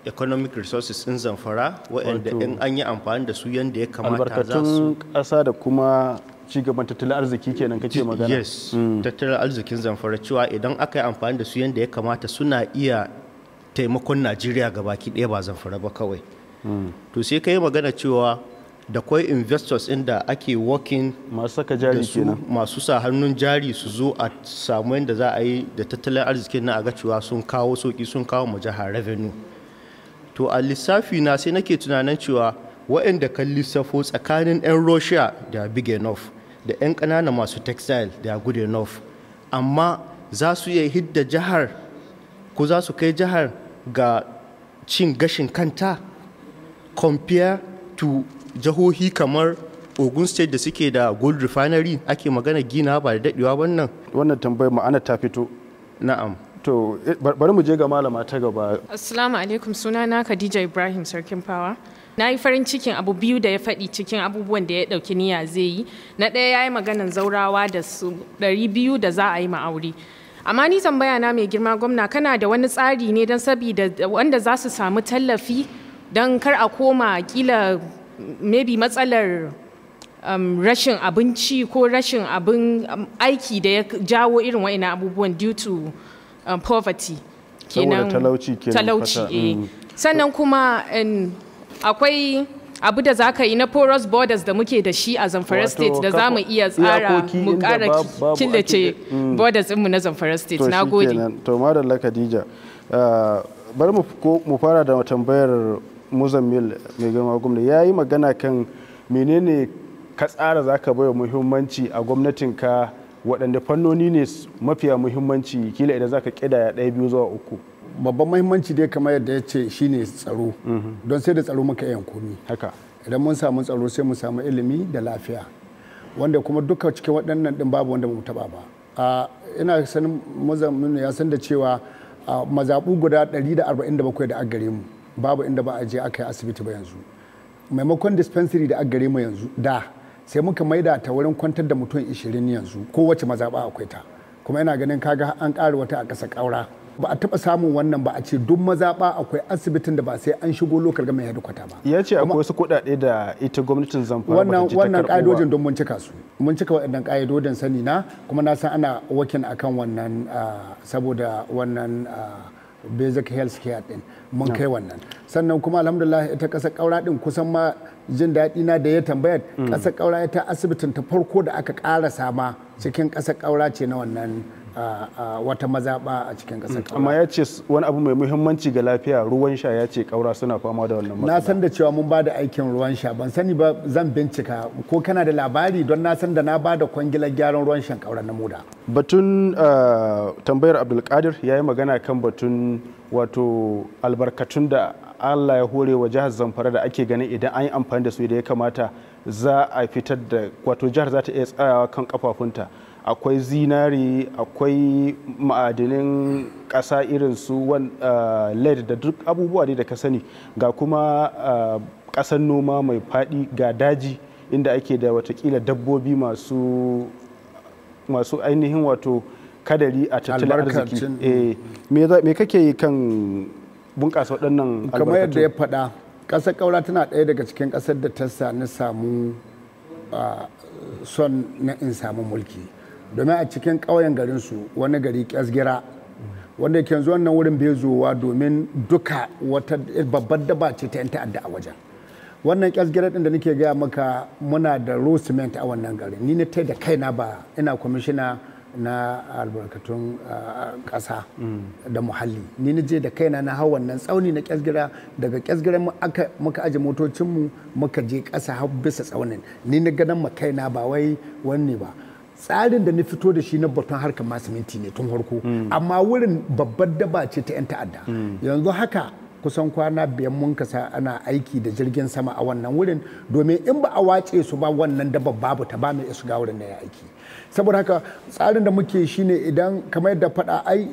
economic resources in zamfara waɗanda in an yi amfani da su yadda ya kamata za su ƙasa da kuma cigaban tattalin arziki kenan kace magana yes hmm. tattalin arzikin zamfara cewa idan aka yi amfani da su yadda ya kamata suna iya taimakon najeriya gaba ɗaya ba zamfara ba kawai to sai ka yi magana cewa da kwai investors inda ake working masu saka jari su masu sa hannun jari su zo a samu yadda za a yi da tattalin arzikin na ga cewa sun kawo sauki sun kawo mu jihar revenue to a lissafi na sai nake tunanin cewa waɗanda kan lissafo tsakanin 'yan russia da big enough da 'yan ƙanana masu textile da good enough amma za su iya hidda jihar ko za su kai jihar ga cin gashin kanta compare to jihohi kamar ogun state da suke da gold refinery ake magana gina ba da daɗewa wannan wannan tambayar ma'ana ta fito na'am to eh, bari mu je ga malama ta gaba assalamu alaikum suna na khadija ibrahim sarkin fawa na yi farin cikin abu biyu da ya faɗi cikin abubuwan da ya ɗauki niyya zai yi na ɗaya ya yi maganan zaurawa da su ɗari biyu da za a yi ma'auri. amma ni tambaya na mai girma gwamna kana da wani tsari ne don sabida wanda za su samu tallafi don kar a koma kila maybe matsalar um, rashin abinci ko rashin abin um, aiki da ya jawo irin wa'ina abubuwan due to um, poverty kenan talauci talauci eh mm. sannan kuma um, akwai abu da za ka yi na porous borders da muke da shi a zamfara state da za mu iya tsara mu kara killace mm. borders mu na zamfara state na gode to madalla Dija uh, bari mu fara da tambayar muzammil mai girma gwamna ya yi magana kan menene ka tsara za ka baiwa muhimmanci a gwamnatinka waɗanda fannoni ne mafiya muhimmanci kila idan za ka ya ɗaya biyu zuwa uku babban muhimmanci dai kamar yadda ya ce shi ne tsaro mhm. don sai da tsaro muka yan komi haka idan mun samu tsaro sai mu samu ilimi da lafiya wanda kuma duka cikin waɗannan ɗin babu wanda mu taɓa ba ina sanin mazamin ya san da cewa mazaɓu guda 147 da gare mu babu inda ba a je aka yi asibiti ba yanzu maimakon dispensary da gare mu yanzu da sai muka maida ta wurin kwantar da mutum 20 yanzu kowace mazaba akwai ta kuma yana ganin kaga an ƙara wata a ƙasa ƙaura ba a taɓa samun wannan ba a ce duk mazaba akwai asibitin da ba sai an shigo lokal game kwata ba ya ce akwai wasu kuɗaɗe da ita gwamnatin zamfara wannan wannan ƙa'idojin don mun cika su mun cika waɗannan ƙa'idojin sani na kuma na san ana wakin akan wannan ah, saboda wannan ah, basic health care din mun kai wannan sannan kuma alhamdulillah ita ƙasa ƙaura ɗin kusan ma jin daɗi na da ya tambayar mm. ƙasar ƙaura ita asibitin ta farko da aka ƙara sama cikin ƙasa ƙaura ce na wannan wata mazaɓa a cikin ƙasar mm. amma ya ce wani abu mai muhimmanci ga lafiya ruwan sha ya ce ƙaura suna fama da wannan na san da cewa mun ba da aikin ruwan sha ban sani ba zan bincika ko kana da labari don na san da na ba da kwangilar gyaran ruwan shan ƙaura na muda batun tambayar abdulkadir ya yi magana kan batun wato albarkatun da allah ya hore wa jihar zamfara da ake ganin idan an yi amfani da su da ya kamata za a fitar da wato jihar za ta iya tsayawa kan kafafunta akwai zinari akwai ma'adinin ƙasa irin su eh, led da duk abubuwa ne da ka sani ga kuma kasan eh, noma mai faɗi ga daji inda ake da watakila dabbobi masu ainihin wato kadari a tattalin arziki eh, me kake yi kan bunƙasa waɗannan albarkatu kamar yadda ya faɗa ƙasar ƙaura tana ɗaya daga cikin ƙasar da ta sami samu ah, son na in samu mulki domin a cikin ƙauyen garinsu wani gari kyasgira wanda ke nan wurin bai zuwa domin duka wata babbar daba ce ta 'yan ta'adda a wajen wannan kyasgira din da nake gaya maka muna da raw a wannan gari ni na da kaina ba ina kwamishina na albarkatun ah, ƙasa da muhalli ni na je da kaina na hau wannan tsauni na kyasgira daga kyasgira muka aje motocinmu muka je ƙasa har bisa tsaunin ni na ganin ma kaina ba wai wanne ba tsarin da na fito da shi na batun harkar masiminti ne tun harko amma wurin babbar daba ce ta 'yan ta'adda yanzu haka kusan kwana biyan mun kasa ana aiki da jirgin sama a wannan wurin domin in ba a wace su ba wannan daba babu ta ba mai isu ga wurin da ya aiki saboda haka tsarin da muke shi ne idan kamar yadda faɗa ai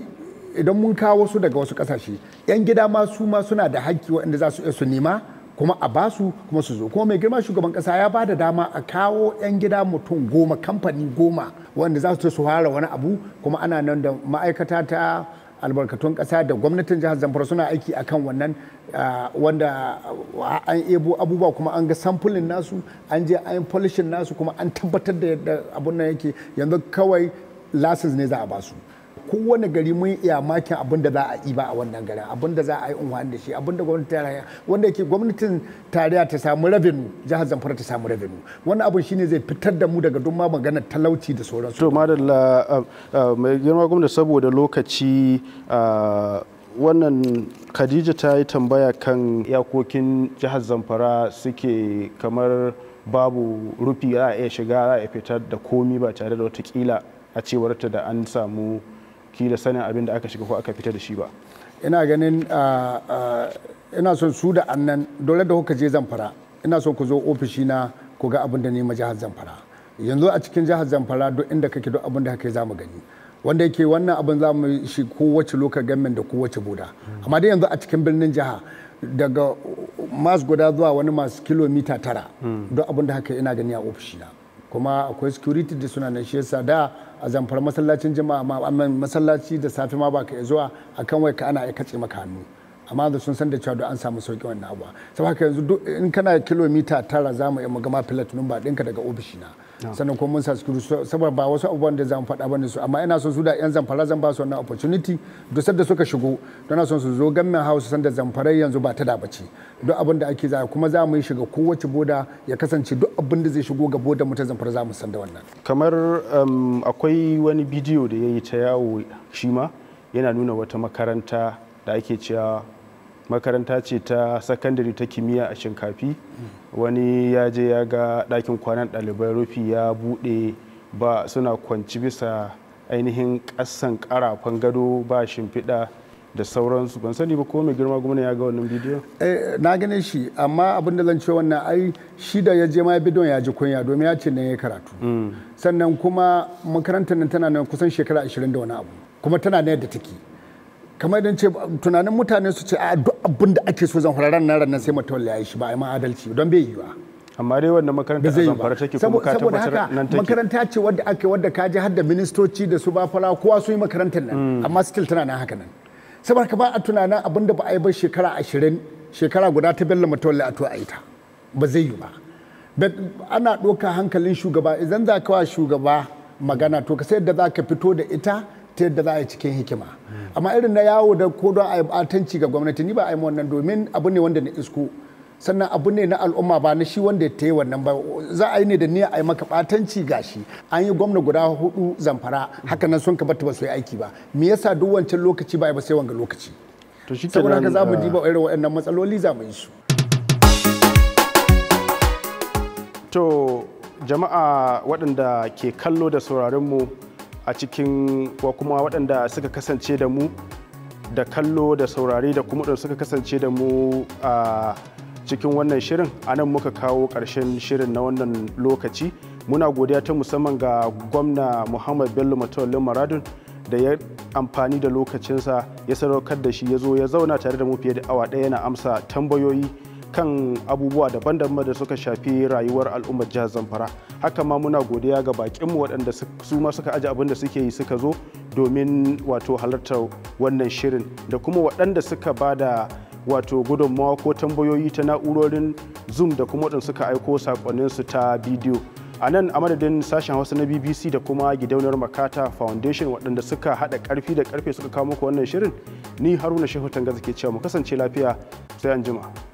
idan mun kawo su daga wasu kasashe yan gida ma su ma suna da hakki waɗanda za su iya su nema kuma a basu kuma su zo kuma mai girma shugaban kasa ya ba da dama a kawo 'yan gida mutum goma kamfani goma wanda za su su fara wani abu kuma ana nan da ma'aikata ta albarkatun kasa da gwamnatin jihar zamfara suna aiki a kan wannan wanda an ebo abubuwa kuma an ga samfulin nasu an je an polishin nasu kuma an tabbatar da yadda abun nan yake yanzu kawai lasis ne za a basu kowane gari mun iya makin abin da za a yi ba a wannan garin abin da za a yi unwa da shi abin da gwamnati tarayya wanda yake gwamnatin tarayya ta samu rabinu jihar zamfara ta samu rabinu wannan abin shine zai fitar da mu daga duk ma magana talauci da sauransu to madalla mai girma gwamnati saboda lokaci wannan khadija ta yi tambaya kan iyakokin jihar zamfara suke kamar babu rufi za a iya shiga za a fitar da komi ba tare da watakila a cewarta da an samu kila sanin abin da aka shiga ko aka fita da shi ba ina ganin ah, ah, ina so su da annan dole da kuka je zamfara ina so ku zo ofishi na ku ga abin da ne ma jihar zamfara yanzu a cikin jihar zamfara duk inda kake duk abin da kake za mu gani wanda yake wannan abin za mu shi kowace local gamin da kowace boda amma dai yanzu a cikin birnin jiha daga mas guda zuwa wani masu kilomita tara hmm. don abin da haka ina gani a ofishina kuma akwai security da suna nan shi yasa da a zamfar masallacin jama'a amma masallaci da safe ma baka iya zuwa akan wai ka ana ya kace maka hannu amma da sun san da cewa an samu sauki wannan abuwa saboda haka yanzu in kana kilomita tara zamu mu iya mu gama plate numba ɗinka daga ofishina sannan kuma mun sa saboda ba wasu abubuwan da zan faɗa bane su amma ina son su da yan zamfara zan ba su wannan opportunity duk sanda suka shigo don son su zo gamin house sanda zamfarai yanzu ba ta da bace duk abin da ake za kuma za mu yi shiga kowace boda ya kasance duk abin da zai shigo ga boda mu ta zamfara za mu san da wannan kamar um, akwai wani bidiyo da yayi ta yawo shi ma yana nuna wata makaranta da ake cewa makaranta ce ta sakandare ta kimiyya a shinkafi wani ya je ya ga ɗakin kwanan ɗalibai rufi ya buɗe ba suna kwanci bisa ainihin ƙasan ƙarafan gado ba shimfiɗa da sauransu ban sani ba ko mai girma gwamna ya ga wannan bidiyo eh, na gane shi amma abin da zan ce wannan ai shi da ya je ma bidon ya ji kunya domin ya ce nan ya karatu mm. sannan kuma makarantar nan tana nan kusan shekara 20 da wani abu kuma tana nan yadda take kamar idan ce tunanin mutane su ce a duk abin da ake so zan ran nan ranar sai mutum ya yi shi ba a ma adalci don bai yi ba amma dai wannan makaranta a zamfara take kuma ka tabbatar nan take makaranta ce wadda ake wadda ka ji har da ministoci da su ba fara kowa su yi makarantar nan hmm. amma still tana nan haka nan saboda ka ba a tunanin abin da ba a yi ba shekara ashirin shekara guda ta bello mutum a to a yi ta ba zai yi ba ana doka hankalin shugaba idan za ka wa shugaba magana to ka sai da za ka fito da ita ta yadda za a yi cikin hikima amma irin na yawo da ko don a yi batanci ga gwamnati ni ba a yi wannan domin abu ne wanda na isko sannan abu ne na al'umma ba na shi wanda ta yi wannan ba za a yi ne da niyya a yi maka batanci gashi an yi gwamna guda hudu zamfara haka nan sun ka ba su yi aiki ba me yasa duk wancan lokaci ba ya ba sai wanga lokaci to shi saboda haka za mu diba eh. irin waɗannan matsaloli za mu yi su to jama'a waɗanda ke kallo da sauraron mu a cikin ko kuma waɗanda suka kasance da mu da kallo da saurari da kuma da suka kasance da mu a cikin wannan shirin a nan muka kawo ƙarshen shirin na wannan lokaci muna godiya ta musamman ga gwamna muhammad bello matawallin maradun da ya amfani da lokacinsa ya sadaukar da shi ya zo ya zauna tare da mu fiye da awa ɗaya na amsa tambayoyi kan abubuwa daban-daban da suka shafi rayuwar al'ummar jihar zamfara haka ma muna godiya ga bakinmu waɗanda su ma suka aji abin da suke yi suka zo domin wato halartar wannan shirin da kuma waɗanda suka ba da wato gudunmawa ko tambayoyi ta na'urorin zoom da kuma waɗanda suka aiko saƙonninsu ta bidiyo a nan a madadin sashen hausa na bbc da kuma gidaunar makata foundation waɗanda suka haɗa ƙarfi da ƙarfe suka kawo muku wannan shirin ni haruna shehu tanga zake cewa mu kasance lafiya sai an jima.